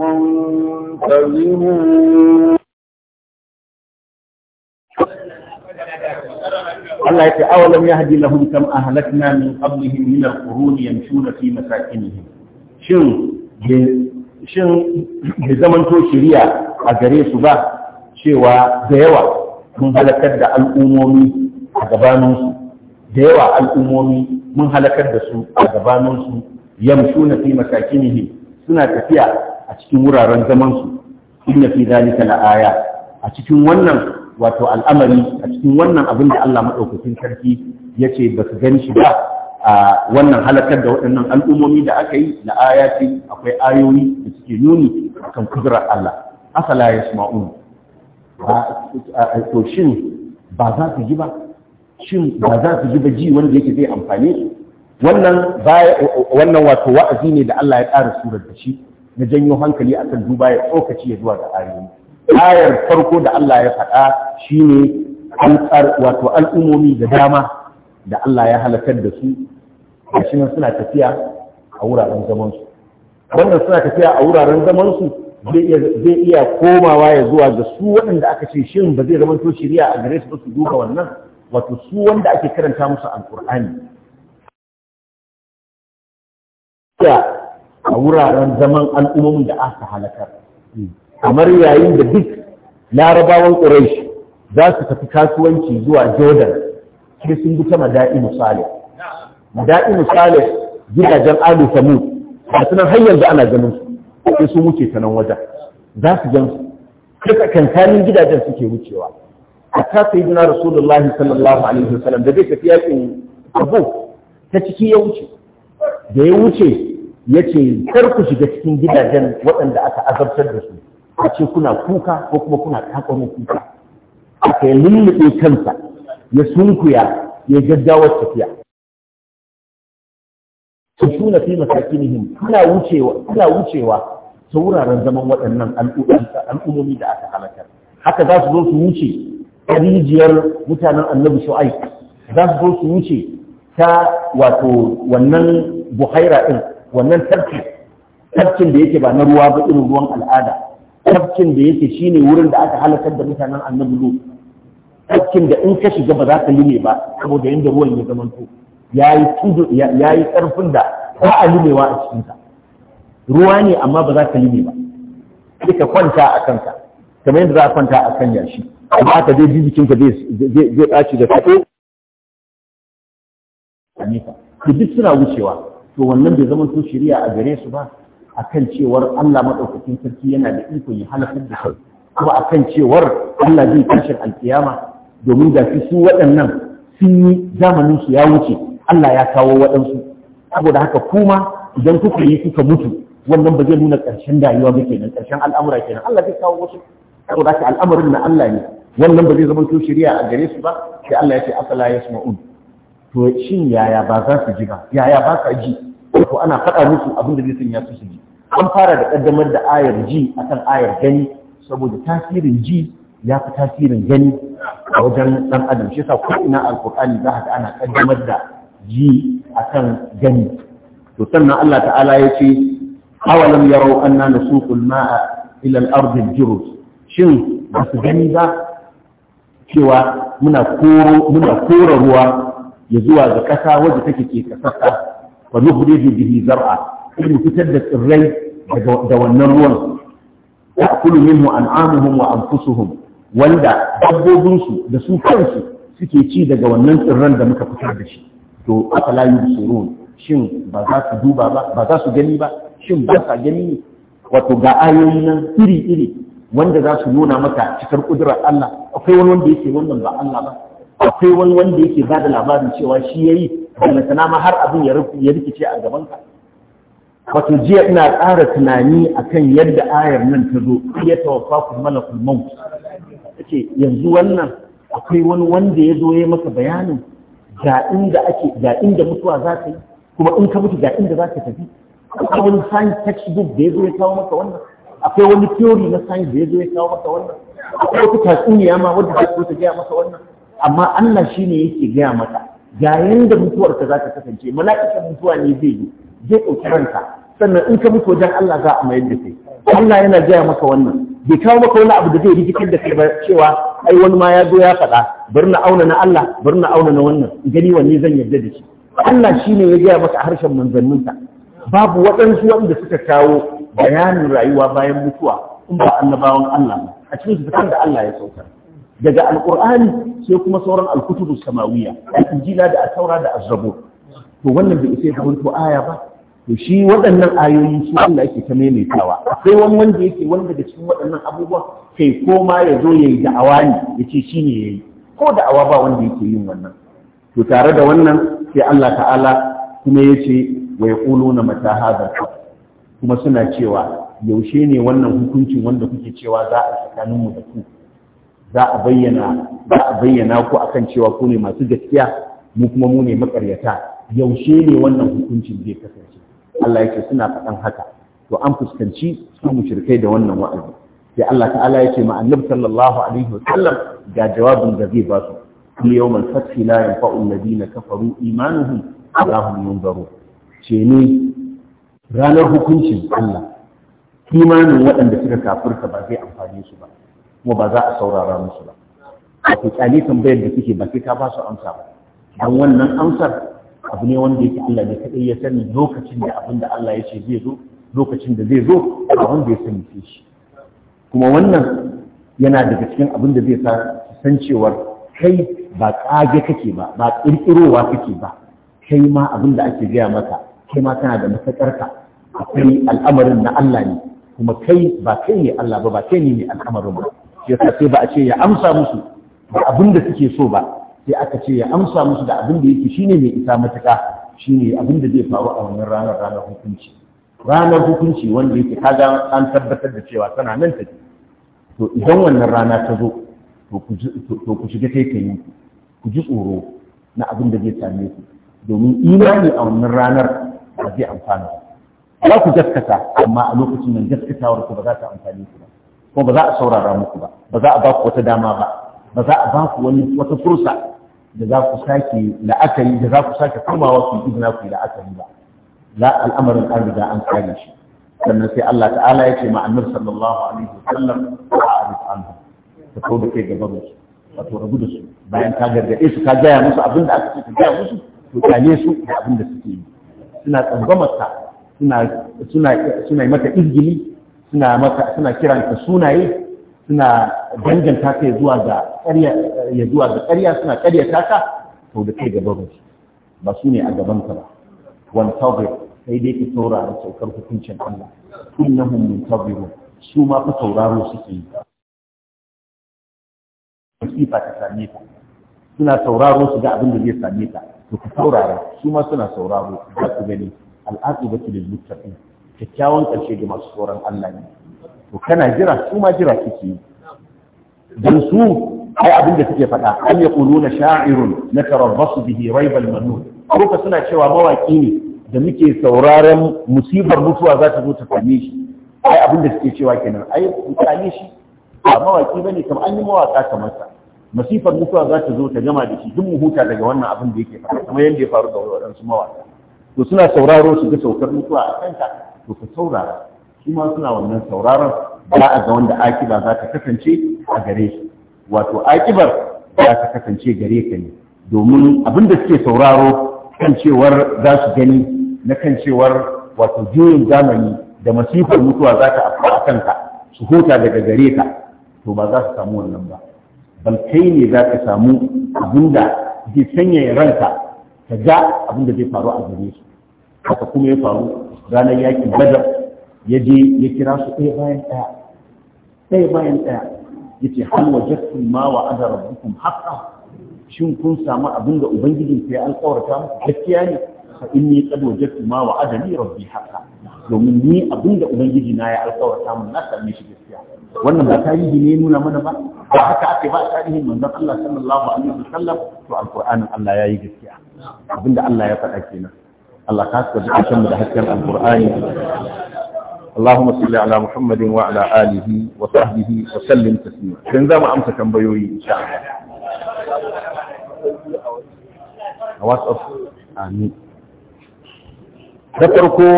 منتظرون Allah ya ce awalam ya hadi lahum kam ahlakna min qablihim min al-qurun yamshuna fi masakinihim shin shin bai zamanto shiriya a gare su ba cewa da yawa mun halakar da al'umomi a gabaninsu mun halakar da su a gabaninsu yamshuna fi masakinihim suna tafiya a cikin wuraren zamansu inna fi zalika la'aya a cikin wannan wato al'amari a cikin wannan abin da Allah madaukakin sarki yace ba su gani shi ba a wannan halakar da waɗannan al'ummomi da aka yi na akwai ayoyi da suke nuni akan kudurar Allah asala ya sma'un to shin ba za su ji ba shin ba za su ji ba ji wanda yake zai amfane su wannan wannan wato wa'azi ne da Allah ya ƙara surar da shi na janyo hankali akan duba ya tsokaci ya zuwa ga ayoyi ayar farko da Allah ya faɗa shine an wato al'umomi da dama da Allah ya halakar da su gashi nan suna tafiya a wuraren zaman su wannan suna tafiya a wuraren zaman su zai iya komawa ya zuwa ga su waɗanda aka ce shin ba zai zamanto shiriya a gare su ba su duka wannan wato su wanda ake karanta musu alkur'ani tafiya a wuraren zaman al'ummomin da aka halakar kamar yayin da duk larabawan ƙuraish za su tafi kasuwanci zuwa jordan sai sun bi ta mada'i misali mada'i misali gidajen alu samu ba su nan har yanzu ana ganin su sai sun wuce ta nan wajen za su gan su kasa kankanin gidajen suke wucewa a ta yi na rasulullahi sallallahu alaihi wasallam da zai tafi yakin abu ta ciki ya wuce da ya wuce ya ce kar ku shiga cikin gidajen waɗanda aka azabtar da su a ce kuna kuka ko kuma kuna kakwamin kuka aka yi lullube kansa ya sunkuya ya gaggawa tafiya su suna fi masaki kuna wucewa kuna wucewa ta wuraren zaman waɗannan al'ummomi da aka halakar haka za su zo su wuce rijiyar mutanen annabi shu'ai za su zo su wuce ta wato wannan buhaira ɗin wannan tafki tafkin da yake ba na ruwa ba irin ruwan al'ada tafkin da yake shine wurin da aka halakar da mutanen annabi lu tafkin da in ka shiga ba za ka yi ne ba saboda yadda ruwan ya zamanto yayi tudu yayi karfin da ba a limewa a cikin sa ruwa ne amma ba za ka yi lime ba sai ka kwanta a kanka kamar yadda za a kwanta a kan yashi amma ka je jikin ka zai zai tsaci da kaɗo nesa, to duk suna wucewa to wannan bai zama to shari'a a gare su ba akan cewar Allah madaukakin sarki yana da iko ya halakar da su kuma akan cewar Allah zai tashin alkiyama domin da su waɗannan sun yi zamanin su ya wuce Allah ya kawo waɗansu saboda haka kuma idan kuka yi kuka mutu wannan ba zai nuna ƙarshen rayuwa ba kenan ƙarshen al'amura kenan Allah zai kawo wasu saboda haka al'amarin na Allah ne wannan ba zai zama to shari'a a gare su ba sai Allah ya ce asala yasma'un to shin yaya ba za su ji ba yaya ba sa ji to ana faɗa musu abin da zai sanya su su ji an fara da ƙaddamar da ayar ji akan ayar gani saboda tasirin ji ya fi tasirin gani a wajen ɗan adam shi yasa ko ina alƙur'ani za ka ana ƙaddamar da ji akan gani to sannan Allah ta'ala ya ce awalam yarau anna nasuqul ma'a ila al-ardi al-jurus shin ba su gani ba cewa muna koro muna kora ruwa ya zuwa ga ƙasa wadda take ke kasassa wa nuhriju bihi zar'a in fitar da tsirrai da wannan ruwan ta'kulu minhu an'amuhum wa anfusuhum wanda dabbobinsu da su kansu suke ci daga wannan tsirran da muka fitar da shi to afala yubsirun shin ba za su duba ba ba za su gani ba shin ba sa gani ne wato ga ayoyi nan iri iri wanda za su nuna maka cikar kudurar Allah akwai wani wanda yake wannan ba Allah ba akwai wani wanda yake ba da labarin cewa shi ya yi balantana ma har abin ya rikice a gaban ka. wato jiya ina tsara tunani a kan yadda ayar nan ta zo ya wafa ku mana maut Ake yanzu wannan akwai wani wanda ya zo ya masa bayanin ga inda ake ga inda mutuwa za ta yi kuma in ka mutu ga inda za ka tafi akwai wani science textbook da ya zo ya kawo maka wannan akwai wani theory na science da ya zo ya kawo maka wannan akwai wata tatsuniya ma wadda zo ta gaya masa wannan amma Allah shine yake gaya mata ga yanda mutuwarka za ta kasance mala'ikan mutuwa ne zai yi zai ɗauki ranka sannan in ka mutu wajen Allah za a mayar da kai Allah yana gaya maka wannan bai kawo maka wani abu da zai rikitar da kai ba cewa ai wani ma ya zo ya faɗa bari na auna na Allah bari na auna na wannan gani wanne zan yarda da shi Allah shi ne ya gaya maka harshen manzanninsa babu waɗansu wanda suka kawo bayanin rayuwa bayan mutuwa in ba annabawan Allah a cikin su da Allah ya saukar daga alkur'ani sai kuma sauran alkutubu samawiya injila da asaura da azzabo to wannan bai isa ya to aya ba to shi waɗannan ayoyi su Allah yake ta maimaitawa akwai wani wanda yake wanda da cikin waɗannan abubuwa kai koma ya zo ya yi da'awa ne ya ce shi ne ya yi ko da'awa ba wanda yake yin wannan to tare da wannan sai Allah ta'ala kuma ya ce wa ya na mata hadar kuma suna cewa yaushe ne wannan hukuncin wanda kuke cewa za a tsakaninmu da ku za a bayyana ko a bayyana ku akan cewa ku ne masu gaskiya mu kuma mu ne makaryata yaushe ne wannan hukuncin zai kasance Allah yake suna faɗan haka to an fuskanci su mushrikai da wannan wa'azi sai Allah ta'ala yake ma annabi sallallahu alaihi wasallam ga jawabin da zai ba su kul yawmal fathi la yanfa'u alladhina kafaru imanuhum wala hum yunzarun ce ne ranar hukuncin Allah imanin waɗanda suka kafirka ba zai amfane su ba kuma ba za a saurara musu ba wato kyale tambayar da kike ba sai ka ba su amsa ba dan wannan amsar abu ne wanda yake Allah ne kadai ya sani lokacin da abin da Allah ya ce zai zo lokacin da zai zo a wanda ya sani ce shi kuma wannan yana daga cikin abin da zai sa san cewar kai ba kage kake ba ba ƙirƙirowa kake ba kai ma abin da ake gaya maka kai ma kana da matsakarka akwai al'amarin na Allah ne kuma kai ba kai ne Allah ba ba kai ne al'amarin ba ya sai ba a ce ya amsa musu da abin da suke so ba sai aka ce ya amsa musu da abin da yake shine mai isa matuƙa shine abin da zai faru a wannan ranar ranar hukunci ranar hukunci wanda yake kaga an tabbatar da cewa tana nan take to idan wannan rana ta zo to ku shiga taikayin ku ku ji tsoro na abin da zai same ku domin imani a wannan ranar ba zai amfana ba ku gaskata amma a lokacin nan gaskatawar ku ba za ta amfane ku ba kuma ba za a saurara muku ba ba za a ba ku wata dama ba ba za a ba ku wani wata fursa da za ku sake la'akari da za ku sake komawa ku yi izina ku yi la'akari ba la al'amarin an riga an kare shi sannan sai Allah ta'ala ya ce ma annabi sallallahu alaihi wa wasallam a'rid anhum ta kawo da kai gaban su wato rabu da su bayan ka gargaɗe su ka gaya musu abin da aka ce ka gaya musu to kyale su da abin da suke yi suna tsangwamarta suna suna suna mata izgili suna maka suna kiranka sunaye suna danganta ka zuwa ga ƙarya ya zuwa ga ƙarya suna ƙaryata ka to da kai gaban su ba su ne a gaban ka ba wan tawbi sai dai ka da saukar hukuncin Allah innahum muntabirun su ma fa su suke yi masifa ta same ka suna sauraro su ga abin da zai same ka to ka saurara su ma suna sauraro za su gani al'aqibatu lil muttaqin kyakkyawan ƙarshe ga masu tsoron Allah ne to kana jira su ma jira suke yi dan su ai abin da suke faɗa an ya na sha'irun na tarabbasu bihi raibal manun ko suna cewa mawaki ne da muke sauraren musibar mutuwa za ta zo ta same shi ai abin da suke cewa kenan ai mutane shi ba mawaki ne kam an yi mawaka kamar sa masifar mutuwa za ta zo ta gama da shi duk mu huta daga wannan abin da yake faɗa. kamar yadda ya faru da waɗansu mawaka to suna sauraro su ga saukar mutuwa a kanta to ka saurara shi ma suna wannan sauraron ba a ga wanda akiba za ta kasance a gare shi wato akibar za ta kasance gare ka ne domin abin da suke sauraro kan cewar za su gani na kan cewar wato juyin zamani da masifar mutuwa za ta afka a kanka su huta daga gare ka to ba za su samu wannan ba bal kai ne za ka samu abin da zai sanyaya ranka ka ga abin da zai faru a gare shi haka kuma ya faru ranar yakin badar ya je ya kira su ɗaya bayan ɗaya ɗaya bayan ɗaya ya ce hal ma wa ada rabbukum haqqa shin kun samu abin da ubangijin ya alƙawarta muku gaskiya ne fa ni qad wajadtu ma wa adani rabbi haqqa domin ni abin da ubangiji na ya alƙawarta mun na same shi gaskiya wannan ba tarihi ne nuna mana ba ba haka ake ba tarihin manzon Allah sallallahu alaihi wasallam to alqur'anin Allah yayi gaskiya abinda Allah ya faɗa kenan Allah ka haska zuciyarmu da hasken alqur'ani اللهم صل على محمد وعلى آله وصحبه وسلم تسليما كن زما amsa tambayoyi insha Allah a WhatsApp amin da farko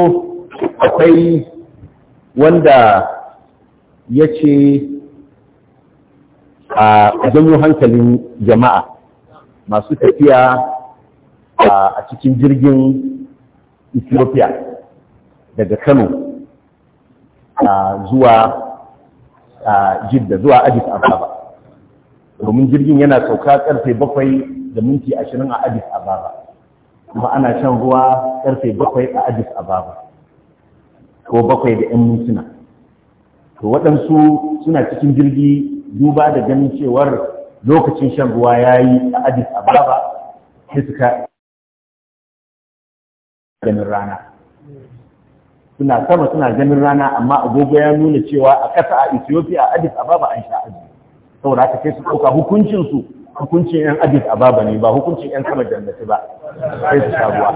akwai wanda ya ce a janyo hankalin jama'a masu tafiya a cikin jirgin ethiopia daga kano zuwa jidda zuwa addis ababa domin jirgin yana sauka karfe bakwai da minti ashirin a addis ababa kuma ana shan ruwa karfe bakwai a addis ababa ko bakwai da 'yan mintuna to waɗansu suna cikin jirgi duba da ganin cewar lokacin shan ruwa ya yi a addis ababa sai suka ganin rana suna sama suna ganin rana amma agogo ya nuna cewa a ƙasa a Ethiopia a Addis Ababa an sha azumi saboda haka sai su ɗauka hukuncin su hukuncin yan Addis Ababa ne ba hukuncin yan sama jannati ba sai su sha ruwa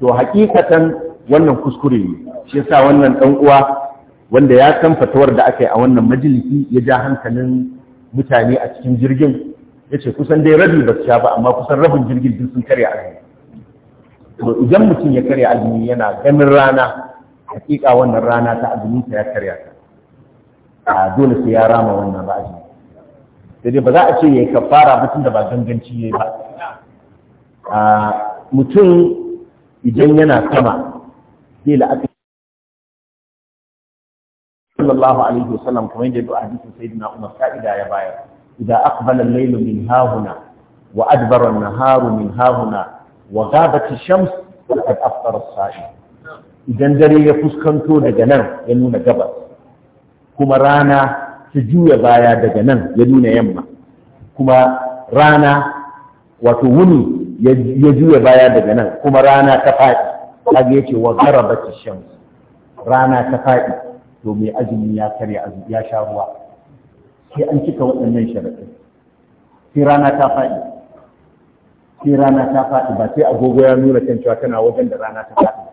to hakikatan wannan kuskure ne shi yasa wannan ɗan uwa wanda ya san fatawar da aka yi a wannan majalisi ya ja hankalin mutane a cikin jirgin ya ce kusan dai rabi ba su sha ba amma kusan rabin jirgin duk sun karya azumi to idan mutum ya karya azumi yana ganin rana hakika wannan rana ta azumin ta ya karya ta a dole sai ya rama wannan ba azumi sai dai ba za a ce yayi kafara mutum da ba ganganci yayi ba a mutum idan yana sama sai la'aka sallallahu alaihi wasallam kamar yadda du'a hadisin sayyidina Umar ka'ida ya bayar idan aqbala al-laylu min hahuna wa adbara an-naharu min hahuna wa gabati shams qad aftara as-sa'i idan dare ya fuskanto daga nan ya nuna gabas kuma rana ta juya baya daga nan ya nuna yamma kuma rana wato wuni ya juya baya daga nan kuma rana ta faɗi kaga yace wa gharabati shams rana ta faɗi to mai azumi ya karya azumi ya sha ruwa sai an cika waɗannan sharaɗin sai rana ta faɗi sai rana ta faɗi ba sai agogo ya nuna can cewa tana wajen da rana ta faɗi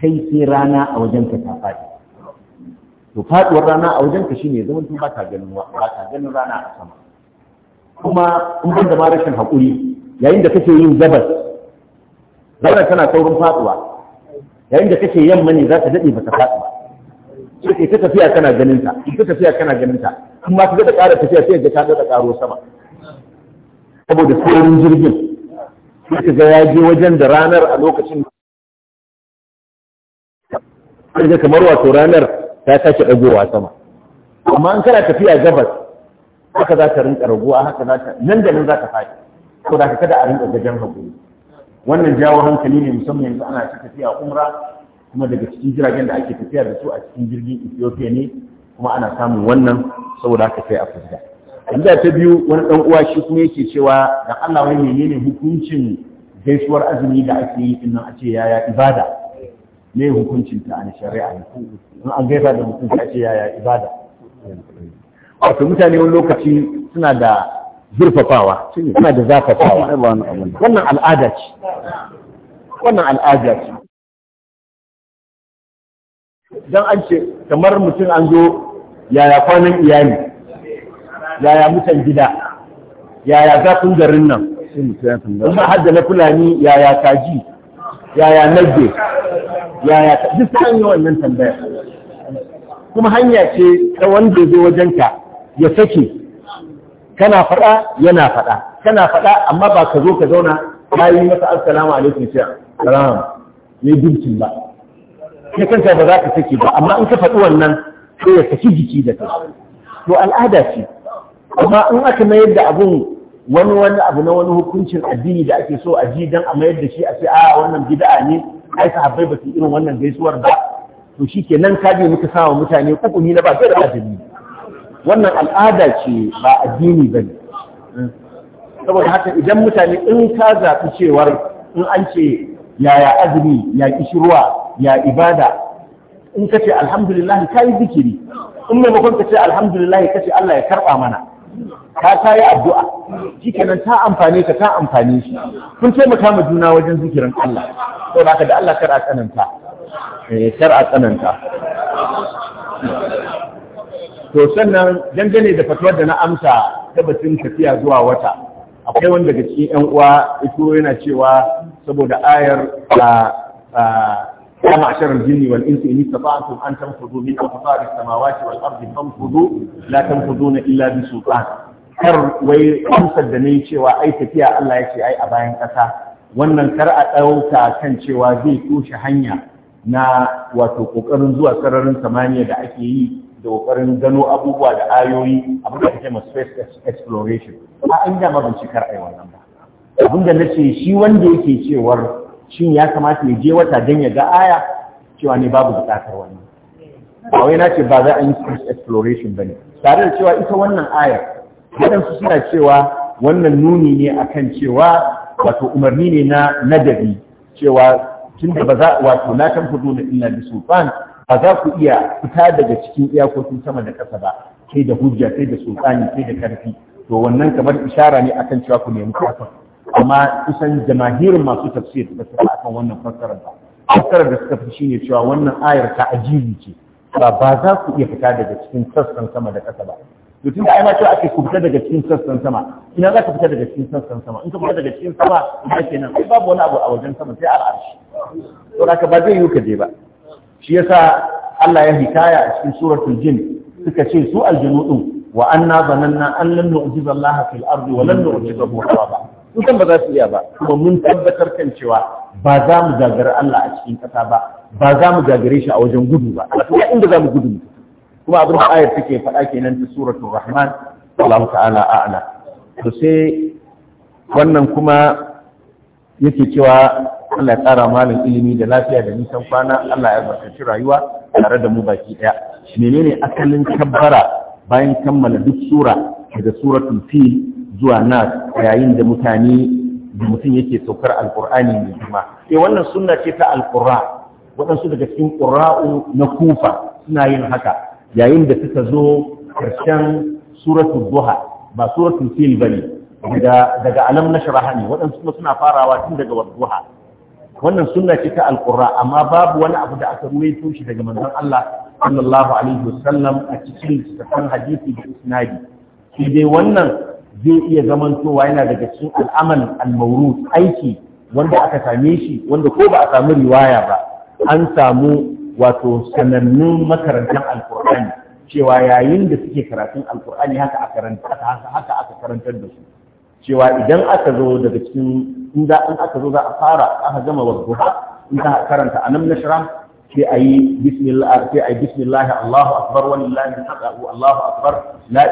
kai sai rana a wajen ka ta faɗi to faɗuwar rana a wajen ka shine zaman tun ba ta ganin ba ta ganin rana a sama kuma in ban da ma rashin haƙuri yayin da kake yin gabas rana tana saurin faɗuwa yayin da kake yamma ne za ka daɗe ba ta faɗi ba sai ka tafiya kana ganin ta in ka tafiya kana ganin ta amma ka da ƙara tafiya sai ka ta da ƙaro sama saboda saurin jirgin sai ka ga ya je wajen da ranar a lokacin da kamar wato ranar ta tashi ɗagowa sama amma an kana tafiya gabas haka za ta rinka raguwa haka za ta nan da nan za ta faɗi ko da kada a rinka gajen hagu wannan jawo hankali ne musamman yanzu ana ta tafiya umra kuma daga cikin jiragen da ake tafiya da su a cikin jirgin Ethiopia ne kuma ana samun wannan saboda haka sai a fuska tambaya ta biyu wani dan uwa shi kuma yake cewa da Allah wai menene hukuncin gaisuwar azumi da ake yi din nan a ce yaya ibada me hukuncin ta an shari'a in an gaisa da mutum a ce yaya ibada wato mutane wani lokaci suna da zurfafawa suna da zafafawa wannan al'ada ce wannan al'ada ce dan an ce kamar mutum an zo yaya kwanan iyali yaya mutan gida yaya zafin garin nan kuma hadda na fulani yaya kaji yaya nage yaya duk ta hanyar wannan tambaya kuma hanya ce ta wanda ya zo wajenka ya sake kana faɗa yana faɗa kana faɗa amma ba ka zo ka zauna ka yi masa assalamu alaikum sai salam ne dukkin ba kai kanta ba za ka sake ba amma in ka faɗi wannan to ya saki jiki da kai to al'ada ce amma in aka mayar da abun wani wani abu na wani hukuncin addini da ake so a ji dan a mayar da shi a ce a wannan bid'a ne ai sahabbai ba su irin wannan gaisuwar ba to ke nan je muka sawa mutane kukumi na ba sai da wannan al'ada ce ba addini ba ne. saboda haka idan mutane in ka zaɓi cewar in an ce yaya azumi ya kishirwa ya ibada in ka ce alhamdulillah ka yi zikiri in maimakon ka ce alhamdulillah ka ce Allah ya karɓa mana ta ta yi addu'a kenan ta amfane ka ta amfane shi kun taimaka mu juna wajen zikirin Allah ba haka da Allah kar a tsananta eh kar a tsananta to sannan dangane da fatuwar da na amsa ta batun tafiya zuwa wata akwai wanda daga cikin yan uwa ito yana cewa saboda ayar a ah, ah, يا معشر الجن والإنس إن استطعتم أن تنفذوا من أقطار السماوات والأرض فانفذوا لا تنفذون إلا بسلطان kar wai amsar da ne cewa ai tafiya Allah ya ce ai a bayan ƙasa wannan kar a ɗauka kan cewa zai toshe hanya na wato ƙoƙarin zuwa sararin samaniya da ake yi da ƙoƙarin gano abubuwa da ayoyi abin da ake masu space exploration ba an dama bincikar ai wannan ba abin da na ce shi wanda yake cewar shin ya kamata ya je wata don ya ga aya cewa ne babu bukatar wani A wai na ce ba za a yi space exploration ba ne tare da cewa ita wannan ayar waɗansu suna cewa wannan nuni ne akan cewa wato umarni ne na nadari cewa tun da ba za wato la tanfudu na illa da sultan ba za ku iya fita daga cikin iyakokin sama da ƙasa ba sai da hujja sai da sultani sai da karfi to wannan kamar ishara ne akan cewa ku nemi kafin amma kusan jamahirin masu tafsir ba su akan wannan fassarar ba fassarar da suka fi shine cewa wannan ayar ta ajibi ce ba ba za ku iya fita daga cikin sassan sama da ƙasa ba to tunda ai ma cewa ake ku fita daga cikin sassan sama ina za ka fita daga cikin sassan sama in ka fita daga cikin sama ina kenan sai babu wani abu a wajen sama sai al'arshi to haka ba zai yi ka je ba shi yasa Allah ya hikaya a cikin suratul jin suka ce su aljinu din wa anna zananna an lan nu'jiza Allah fil ardi wa lan nu'jizahu haraba mutum ba za su iya ba kuma mun tabbatar kan cewa ba za mu gagari Allah a cikin ƙasa ba ba za mu gagare shi a wajen gudu ba a inda za mu gudu kuma abin da ayar take faɗa kenan ta suratul rahman Allah ta'ala a'la to sai wannan kuma yake cewa Allah ya tsara malin ilimi da lafiya da nisan kwana Allah ya barkaci rayuwa tare da mu baki daya menene asalin kabbara bayan kammala duk sura daga suratul fil zuwa nas yayin da mutane da mutum yake saukar alkur'ani mai girma sai eh, wannan sunna ce ta alqurra waɗansu daga cikin ƙura'u na kufa suna yin haka yayin da suka zo ƙarshen suratul duha ba suratul fil ba daga daga alam nashraha ne waɗansu kuma suna farawa tun daga duha wannan sunna ce ta alkurra amma babu wani abu da aka ruwaito shi daga manzon Allah sallallahu alaihi wasallam a cikin littafin hadisi da isnadi Sai dai wannan zai iya zamantowa yana daga cikin al'amal al-mawrud aiki wanda aka same shi wanda ko ba a samu riwaya ba an samu wato sanannun makarantar alkur'ani cewa yayin da suke karatun alkur'ani haka a haka aka karantar da su cewa idan aka zo daga cikin in za aka zo za a fara aka gama wadduha in za a karanta alam nashra sai a yi bismillah sai a yi bismillah Allahu akbar la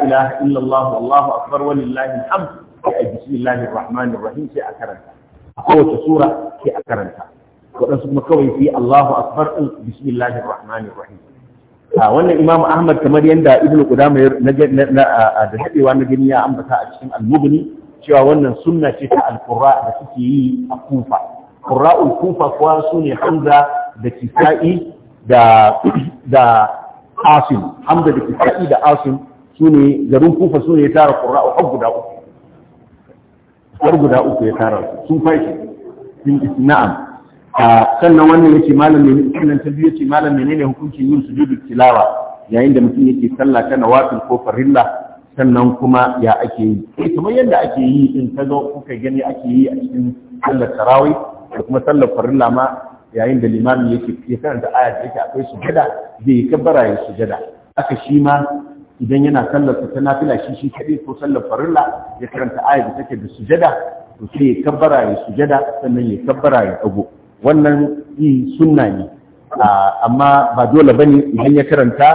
ilaha illa Allah Allahu akbar walillahi alhamdu sai a yi rahmanir rahim sai a karanta a kowace sura sai a karanta waɗansu kuma kawai sai Allahu akbar rahmanir rahim a wannan Imam Ahmad kamar yadda Ibn Qudama da dadewa na gani ya ambata a cikin al-Mughni cewa wannan sunna ce ta al-Qurra da suke yi a Kufa qurra'ul kufa kuwa ne hamza da kisa'i da asim hamza da kisa'i da asim su ne, garin kufa su ne ya tara qurra'u har guda uku har guda uku ya tara sun fashi sun na'am sannan wannan yake malam ne sannan ta biyu ce malam menene hukuncin yin sujudu tilawa yayin da mutum yake sallah ta nawafil ko farilla sannan kuma ya ake yi eh kamar yadda ake yi in ta zo kuka gani ake yi a cikin sallar tarawih da kuma sallar farilla ma yayin da limami yake ya karanta aya da yake akwai sujada zai yi kabbara ya sujada aka shi ma idan yana sallar ta nafila shi shi kadai ko sallar farilla ya karanta aya da take da sujada to sai ya kabbara ya sujada sannan ya kabbara ya dago wannan yi sunna ne amma ba dole bane idan ya karanta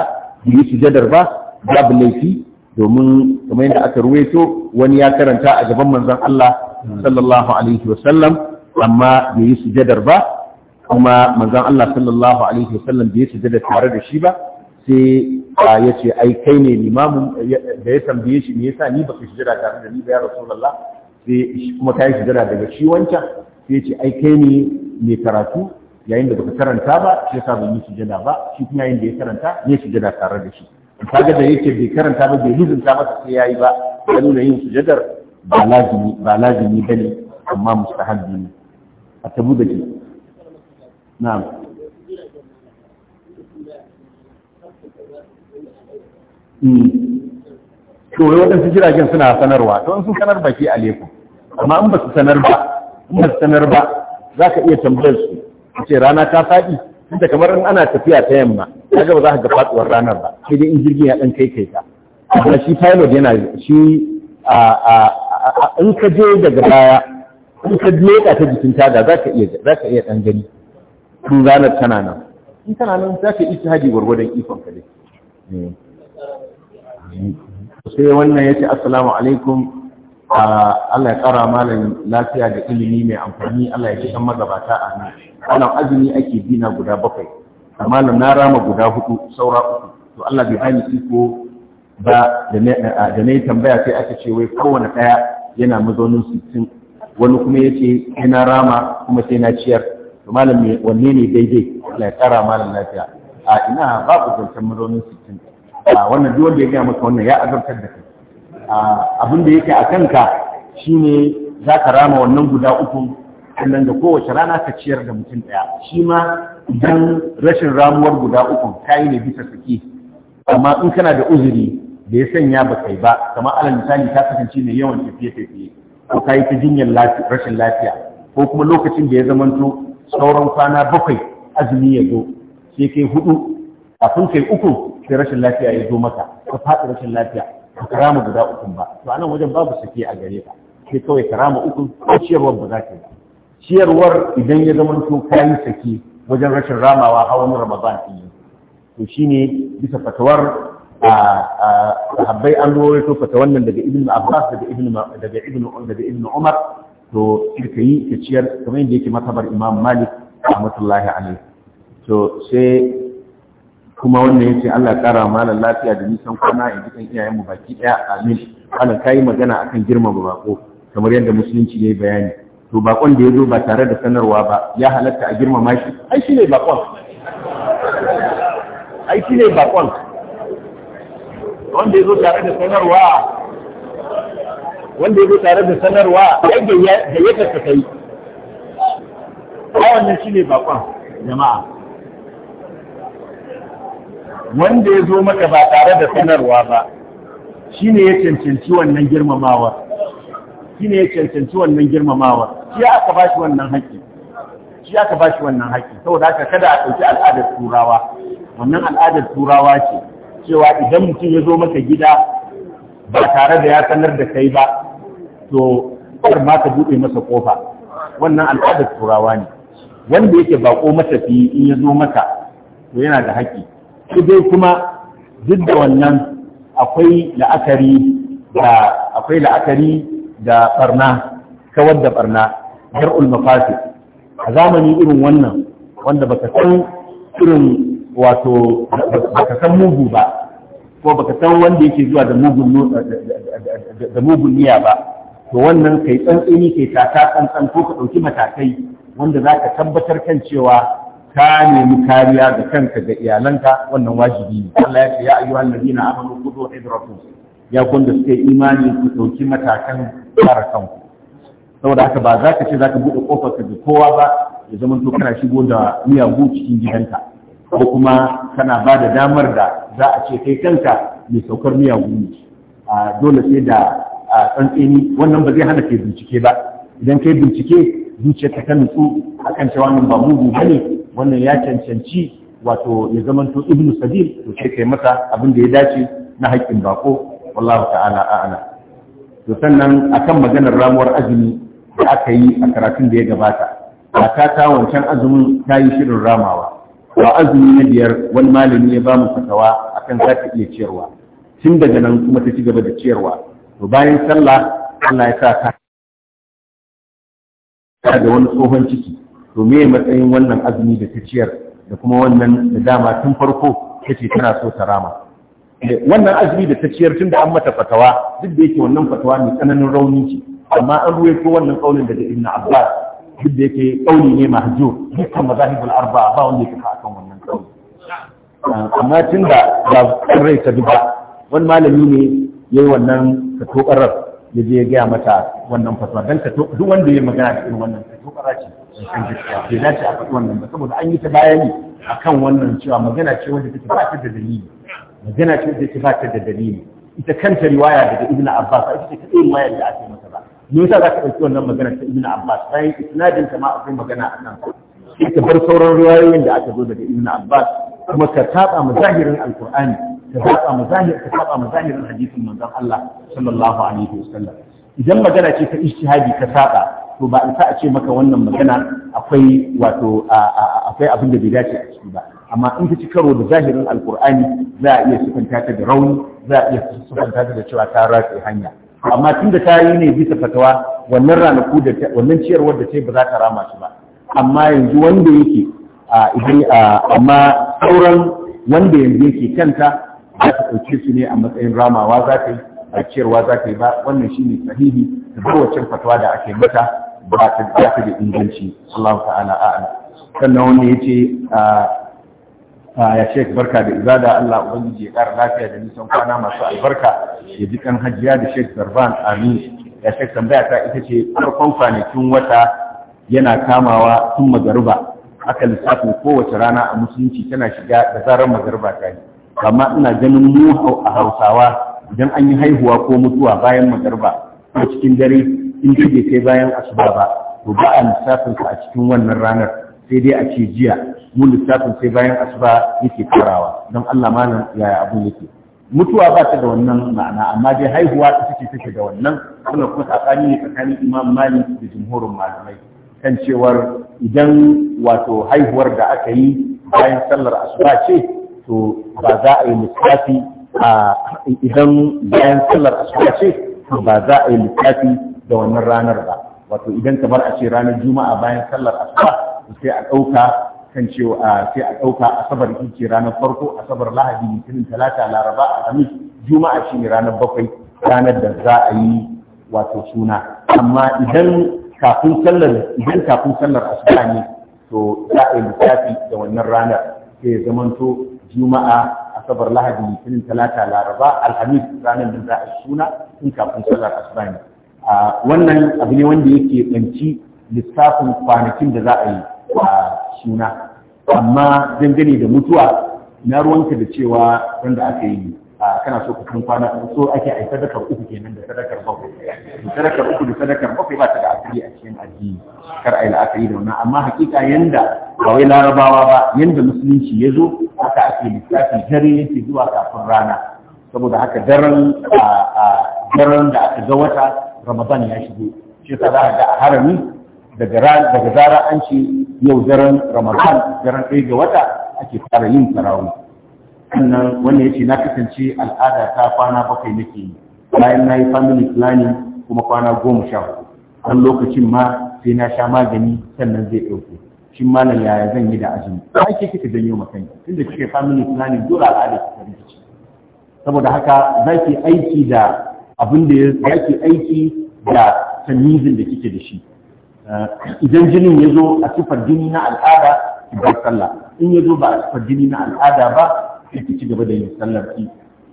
yi sujadar ba babu laifi domin kamar yadda aka ruwaito wani ya karanta a gaban manzon Allah sallallahu alaihi wasallam amma bai yi sujadar ba kuma manzon Allah sallallahu alaihi wasallam bai yi sujada tare da shi ba sai ya ce ai kai ne limamin da ya tambaye shi me yasa ni baka sujada tare da ni ba ya rasulullah sai kuma kai sujada daga shi wancan sai ya ce ai kai ne mai karatu yayin da baka karanta ba shi yasa ban yi sujada ba shi kuma yayin da ya karanta ne sujada tare da shi kaga da yake bai karanta ba bai lizinta masa sai yayi ba ya nuna yin sujadar ba lazimi ba lazimi bane amma mustahabbi ne a tabu da ke na'am hmm. to waɗansu jiragen suna sanarwa to sun sanar baki a leku amma in ba su sanar ba in ba su sanar ba za ka iya tambayar su a ce rana ta faɗi ta kamar in ana tafiya ta yamma ta ba za ka ga faɗuwar ranar ba sai dai in jirgin ya ɗan kai kai ta amma shi pilot yana shi in ka je daga baya in ka leka ta jikin taga za ka iya ɗan gani tun ranar tana nan in tana nan za ka ita hadi gwargwadon ikon ka dai eh. sai wannan ya ce assalamu alaikum Allah ya kara malam lafiya da ilimi mai amfani Allah ya ce kan magabata a nan wannan azumi ake bina guda bakwai malam na rama guda hudu saura uku to Allah bai bani iko ba da na yi tambaya sai aka ce wai kowane ɗaya yana mazaunin wani kuma ya ce ina rama kuma sai na ciyar to malam ne wanne ne daidai Allah ya tsara malam lafiya a ina babu zancen mazaunin sittin a wannan duk wanda ya gaya maka wannan ya azabtar da kai abin da yake a kanka shine za ka rama wannan guda uku sannan da kowace rana ka ciyar da mutum ɗaya shi ma idan rashin ramuwar guda uku ta yi ne bisa saki amma in kana da uzuri da ya sanya ba kai ba kamar alal misali ta kasance mai yawan tafiye-tafiye ko ka yi ta jinyar rashin lafiya ko kuma lokacin da ya zamanto sauran kwana bakwai azumi ya zo sai kai hudu kafin kai uku sai rashin lafiya ya zo maka ka faɗi rashin lafiya ka karama guda ukun ba to anan wajen babu sake a gare ka sai kawai karama uku ko ciyarwar ba za ka yi ciyarwar idan ya zamanto ka yi sake wajen rashin ramawa hawan ramadan din to shine bisa fatawar a sahabbai an rawaito fata wannan daga ibn abbas daga ibn daga ibn daga ibn umar to kirkayi yi ka ciyar kamar yadda yake matabar imam malik rahmatullahi alaihi to sai kuma wannan yace Allah ya kara mana lafiya da nisan kwana ya dukan iyayen mu baki daya amin ana kai magana akan girmama bako kamar yadda musulunci ne bayani to bakon da yazo ba tare da sanarwa ba ya halatta a girmama mashi ai shine bakon ai shine bakon wanda ya zo tare da sanarwa wanda ya zo tare da sanarwa ai gayyata ta kai ai wannan ne bakon jama'a wanda ya zo maka ba tare da sanarwa ba shine ya cancanci wannan girmamawa shine ya cancanci wannan girmamawa shi aka ba shi wannan haƙƙi shi aka ba shi wannan haƙƙi saboda haka kada a ɗauki al'adar turawa wannan al'adar turawa ce cewa idan mutum ya zo maka gida ba tare da ya sanar da kai ba to kar ma ka buɗe masa ƙofa. wannan al'adar turawa ne wanda yake baƙo matafiyi in ya zo maka to yana da haƙƙi sai dai kuma duk da wannan akwai la'akari da akwai la'akari da barna kawar da barna jar'ul ulmafasi a zamani irin wannan wanda baka san irin wato baka san mugu ba ko baka san wanda yake zuwa da mugun da mugun niyya ba to wannan kai tsantsini kai taka tsantsan ko ka ɗauki matakai wanda zaka tabbatar kan cewa ka nemi kariya da kanka ga iyalanka wannan wajibi ne Allah ya ce ya ayyuhal ladina amanu qudu hidrakum ya kunda suka suke imani ku ɗauki matakan kare kanku saboda haka ba za ka ce za ka buɗe ƙofar ka da kowa ba ya zama to kana shigo da miyagu cikin gidanka ko kuma kana ba da damar da za a ce kai kanka mai saukar miyagu ne a dole sai da tsantseni wannan ba zai hana kai bincike ba idan kai bincike zuciya ta nutsu akan cewa wannan ba mugu bane wannan ya cancanci wato ya zamanto ibnu sabil to sai kai masa abin da ya dace na haƙƙin bako wallahu ta'ala a'ala to sannan akan maganar ramuwar azumi da aka yi a karatun da ya gabata ta ta wancan azumin ta yi shirin ramawa wa azumi na biyar wani malami ya ba mu fatawa akan za ta iya ciyarwa tun daga nan kuma ta ci gaba da ciyarwa to bayan sallah Allah ya sa ka ta da wani tsohon ciki to me matsayin wannan azumi da ta ciyar da kuma wannan da dama tun farko ta ce tana so ta rama eh, wannan azumi da ta ciyar tun da an mata fatawa duk da yake wannan fatawa mai tsananin rauni ce amma an ruwaito wannan kaunin daga Ibn Abbas duk da yake kauli ne ma mahjur dukkan mazahibul arba ba wanda yake akan wannan kauli amma tun da ba rai ta duba wani malami ne ya yi wannan kato ƙarar ya je ya gaya mata wannan fatuwa don kato duk wanda ya magana da irin wannan kato ƙarar ce kan gaskiya bai dace a faɗi wannan ba saboda an yi ta bayani akan wannan cewa magana ce wanda take ba ta da dalili magana ce wanda take ba ta da dalili ita kanta riwaya daga ibnu abbas ita ce kadai riwayar da ake me yasa za ka ɗauki wannan magana ta ibn abbas bayan isnadin ta ma akwai magana a nan sai ka bar sauran riwayoyin da aka zo daga ibn abbas kuma ka taba mu zahirin alqur'ani ka taba mu zahir ka taba mu zahirin hadisin manzon Allah sallallahu alaihi wasallam idan magana ce ta ijtihadi ka saba to ba in sa a ce maka wannan magana akwai wato akwai abin da bai dace a ciki ba amma in ka ci karo da zahirin alqur'ani za a iya sifanta ta da rauni za a iya sifanta ta da cewa ta ratse hanya amma tun da ta yi ne bisa fatawa wannan ranaku da wannan ciyarwar da ta ba za ta rama shi ba amma yanzu wanda yake a idan amma sauran wanda yanzu yake kanta za ta ɗauke su ne a matsayin ramawa za ta yi a ciyarwa za ta yi ba wannan shi ne sahihi da kowace fatawa da ake mata ba ta da inganci Allah ta'ala a'a sannan wanda yace Ah, ya ce barka da izada Allah ubangiji ya kara lafiya da nisan kwana masu albarka ya ji kan hajiya da Sheikh Zarban amin ya ce tambaya ta ita ce farkon kwanakin wata yana kamawa tun magaruba. aka lissafin kowace rana a musulunci tana shiga da zarar magaruba ta yi amma ina ganin mu a Hausawa idan an yi haihuwa ko mutuwa bayan magaruba. ko cikin dare in bai kai bayan asuba ba to ba a lissafin a cikin wannan ranar sai dai a ce jiya mun lissafin sai bayan asuba yake farawa don Allah ma nan yaya abun yake mutuwa ba ta da wannan ma'ana amma dai haihuwa ta take take da wannan kuma kuma tsakani ne tsakanin imam mali da jumhurin malamai kan cewar idan wato haihuwar da aka yi bayan sallar asuba ce to ba za a yi lissafi a idan bayan sallar asuba ce to ba za a yi lissafi da wannan ranar ba wato idan kamar a ce ranar juma'a bayan sallar asuba sai a ɗauka kan cewa sai a ɗauka asabar ita ranar farko asabar lahadi litinin talata laraba alhamis juma'a shi ranar bakwai ranar da za a yi wato suna amma idan kafin sallar idan kafin sallar asuba ne to za a yi lissafi da wannan ranar sai ya zamanto juma'a asabar lahadi litinin talata laraba alhamis ranar da za a suna in kafin sallar asuba ne wannan abu ne wanda yake ɗanci lissafin kwanakin da za a yi Wa suna amma dangane da mutuwa na ruwanka da cewa wanda aka yi kana so kusan kwana so ake ai sadakar uku kenan da sadakar bakwai sadakar uku da sadakar bakwai ba ta da asali a cikin addini kar ai la'akari da wannan amma hakika yanda ba wai larabawa ba yanda musulunci ya zo haka ake lissafi dare yake zuwa kafin rana saboda haka daren a daren da aka ga wata ramadan ya shigo shi yasa za ga a harami daga zara an ce yau daren ramadan daren ɗaya ga wata ake fara yin sarawo. sannan wanda ya ce na kasance al'ada ta kwana bakwai nake yi bayan na yi family planning kuma kwana goma sha hudu wani lokacin ma sai na sha magani sannan zai ɗauke shi malam yaya zan yi da azumi ba ke kika janyo makan tunda kike family planning dole al'ada ki tarin ciki saboda haka za aiki da abin da ya aiki da tamizin da kike da shi idan jinin ya zo a sifar jini na al'ada ki bar sallah in ya zo ba a sifar jini na al'ada ba sai ki ci gaba da yin sallar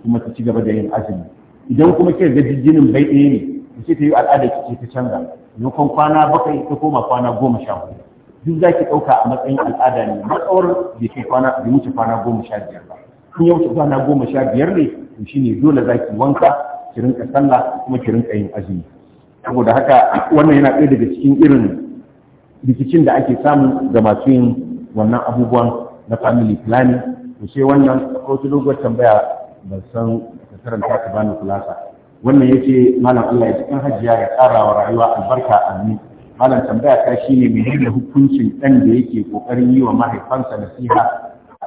kuma ki ci gaba da yin azumi idan kuma kika ga jinin bai ɗaya ne ki ce ta yi al'ada ki ce ta canza maimakon kwana bakwai ta koma kwana goma sha hudu duk za ki ɗauka a matsayin al'ada ne matsawar bai kai kwana bai wuce kwana goma sha biyar ba in ya wuce kwana goma sha biyar ne to shine dole za ki wanka ki rinka sallah kuma ki rinka yin azumi saboda haka wannan yana ɗaya daga cikin irin rikicin da ake samu ga masu yin wannan abubuwan na family planning to sai wannan wata doguwar tambaya ban san ka karanta ka bani kulasa wannan yace malam Allah ya cikin hajjiya ya tsara wa rayuwa albarka amin malam tambaya ta mai menene hukuncin dan da yake kokarin yi wa mahaifansa nasiha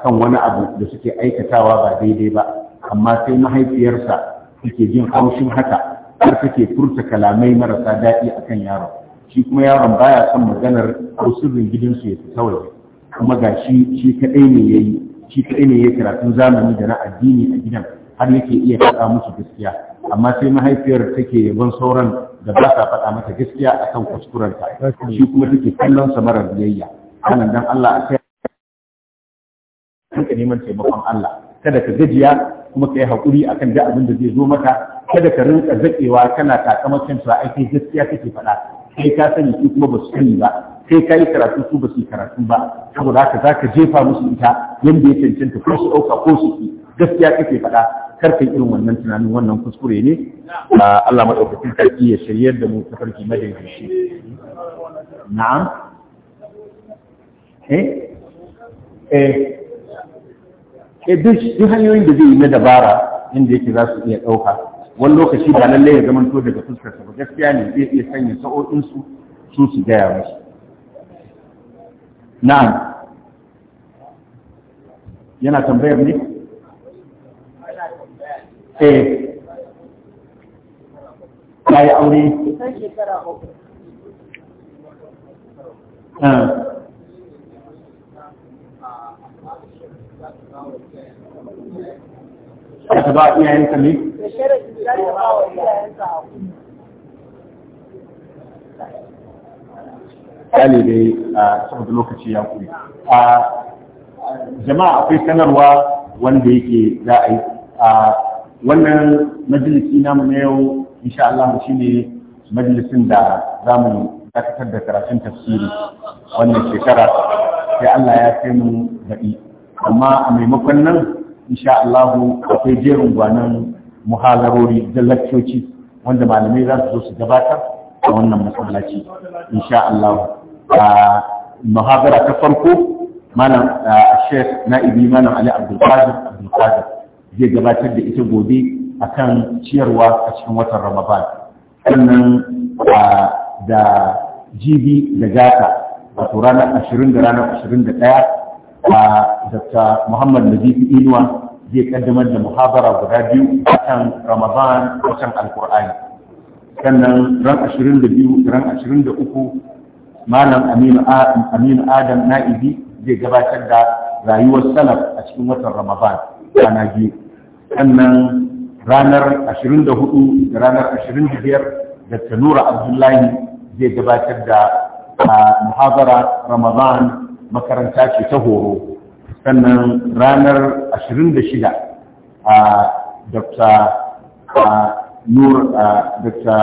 kan wani abu da suke aikatawa ba daidai ba amma sai mahaifiyarsa take jin haushin haka har kake furta kalamai marasa daɗi akan yaron shi kuma yaron baya son maganar ko sirrin gidansu ya fita waje kuma ga shi shi kaɗai ne ya yi shi kaɗai ne ya karatun zamani da na addini a gidan har yake iya faɗa musu gaskiya amma sai mahaifiyar take yaban sauran da ba sa faɗa mata gaskiya akan kuskurenta shi kuma take kallon sa marar biyayya hanan dan Allah a kai neman taimakon Allah kada ka gajiya kuma ka yi haƙuri akan duk abin da zai zo maka kada ka rinka zaƙewa kana takamakin cewa ai kai gaskiya kake faɗa kai ka sani su kuma ba su sani ba kai ka yi karatu su ba su yi karatu ba saboda haka za ka jefa musu ita yadda ya cancanta ko su ɗauka ko su gaskiya kake faɗa kar ka irin wannan tunanin wannan kuskure ne Allah maɗaukakin sarki ya shiryar da mu tafarki madaidaici na'am eh eh, eh duk hanyoyin da zai yi na dabara inda yake za su iya ɗauka wani lokaci ba lallai ya zamanto daga fuskar sa ba gaskiya ne zai iya sanya sa'o'in su su su gaya musu na'am yana tambayar ne eh ta yi aure Aka ba iyayen ne? dalibai a saboda lokaci ya kuri a jama'a akwai sanarwa wanda yake za a yi a wannan majalisi mu na yau insha Allah shi ne majalisin da za mu dakatar da karatun tafsiri wannan shekara sai Allah ya kai mu gaɗi amma a maimakon nan insha Allah akwai jerin gwanan muhalarori da wanda malamai za su zo su gabatar a wannan masallaci insha Allah a muhabara ta farko malam Sheikh Na'ibi malam Ali Abdul Qadir Abdul Qadir zai gabatar da ita gobe akan ciyarwa a cikin watan Ramadan sannan da jibi da gata wato ranar 20 da ranar 21 a Dr. Muhammad Nazifi Inuwa zai kaddamar da muhabara guda biyu a watan ramadan a watan alkur'ani sannan ran 22 ran 23 malam aminu adam na'ibi zai gabatar da rayuwar salaf a cikin watan ramadan rana biyu sannan ranar 24 da ranar 25 da tanura abdullahi zai gabatar da muhabara ramadan makaranta ce ta horo sannan ranar 26 a dr nur dr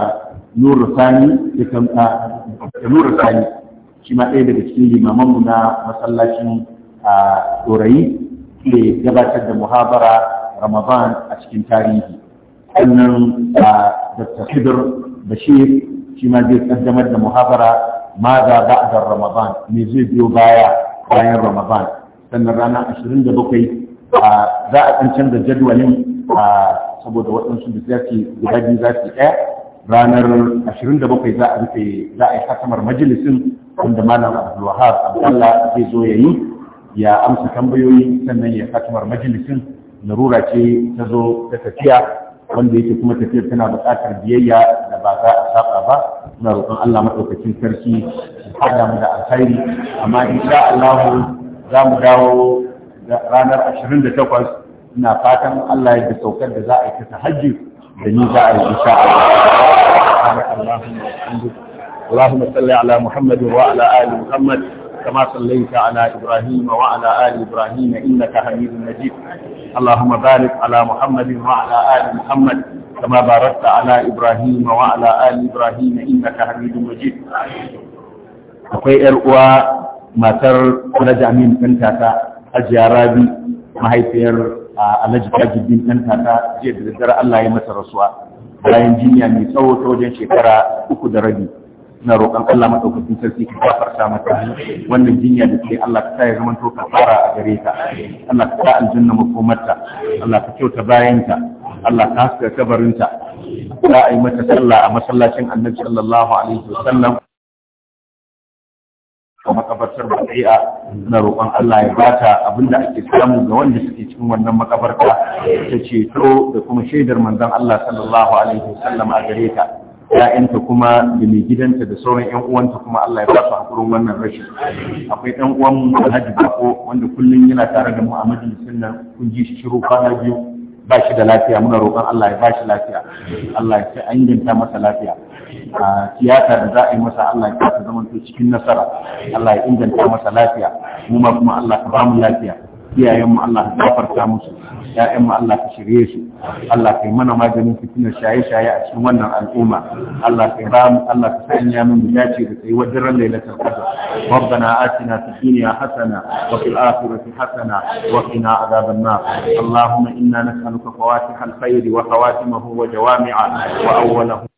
sani shi ma ɗaya daga cikin limamanmu na masallacin ɗorayi ke gabatar da muhabara ramadan a cikin tarihi sannan dr hidir bashir shi ma zai kaddamar da muhabara ma za ba'da ramadan me zai biyo baya bayan ramadan sannan rana 27 za a ɗan canza jadwalin saboda waɗansu da su guda biyu za su ɗaya ranar 27 za a rufe za a yi hatamar majalisin wanda malam abdulwahab abdallah zai zo ya yi ya amsa tambayoyi sannan ya hasamar majalisin larura ce ta zo ta tafiya wanda yake kuma tafiyar tana buƙatar biyayya da ba za a saba ba muna roƙon Allah maɗaukacin sarki ya haɗa mu da alkhairi amma sha Allah za mu dawo ranar 28 ina fatan Allah ya saukar da za a yi ta da ni za a yi insha Allah اللهم صل على محمد وعلى آل محمد كما صليت على إبراهيم وعلى آل إبراهيم إنك حميد مجيد اللهم بارك على محمد وعلى آل محمد كما باركت على إبراهيم وعلى آل إبراهيم إنك حميد مجيد اخوي ار matar alhaji amin ɗan tata hajiya rabi mahaifiyar alhaji tajuddin ɗan tata jiya da daddare allah ya masa rasuwa bayan jinya mai tsawo ta wajen shekara uku da rabi na roƙon allah maɗaukakin sarki ka gafarta mata wannan jinya da ke allah ka sa ya zama to a gare ta allah ka sa aljanna makomarta allah ka kyauta bayanta allah ka haska kabarinta za a yi mata sallah a masallacin annabi sallallahu alaihi wasallam a makabartar baki'a na roƙon Allah ya bata abinda ake samu ga wanda suke cikin wannan makabarta ta ceto da kuma shaidar manzon Allah sallallahu alaihi wasallam a gare ta ya'yanta kuma da mai gidanta da sauran yan uwanta kuma Allah ya basu hakurin wannan rashi akwai yan uwan Alhaji Bako wanda kullum yana tare da mu a majalisin nan kun ji shiru kwana biyu ba shi da lafiya muna roƙon Allah ya ba shi lafiya Allah ya inganta masa lafiya A tiyata da za a yi masa Allah ya kasa zaman to cikin nasara Allah ya inganta masa lafiya mu ma kuma Allah ka bamu lafiya iyayen mu Allah ka gafarta musu ya'yan mu Allah ka shirye su Allah kai mana maganin fitinar shaye-shaye a cikin wannan al'umma Allah kai ba mu Allah ka sanya mu mu dace da kai wajen ran lailatul qadr ربنا آتنا hasana الدنيا حسنة وفي الآخرة حسنة وقنا عذاب النار اللهم إنا wa فواتح الخير وخواتمه وجوامعه وأوله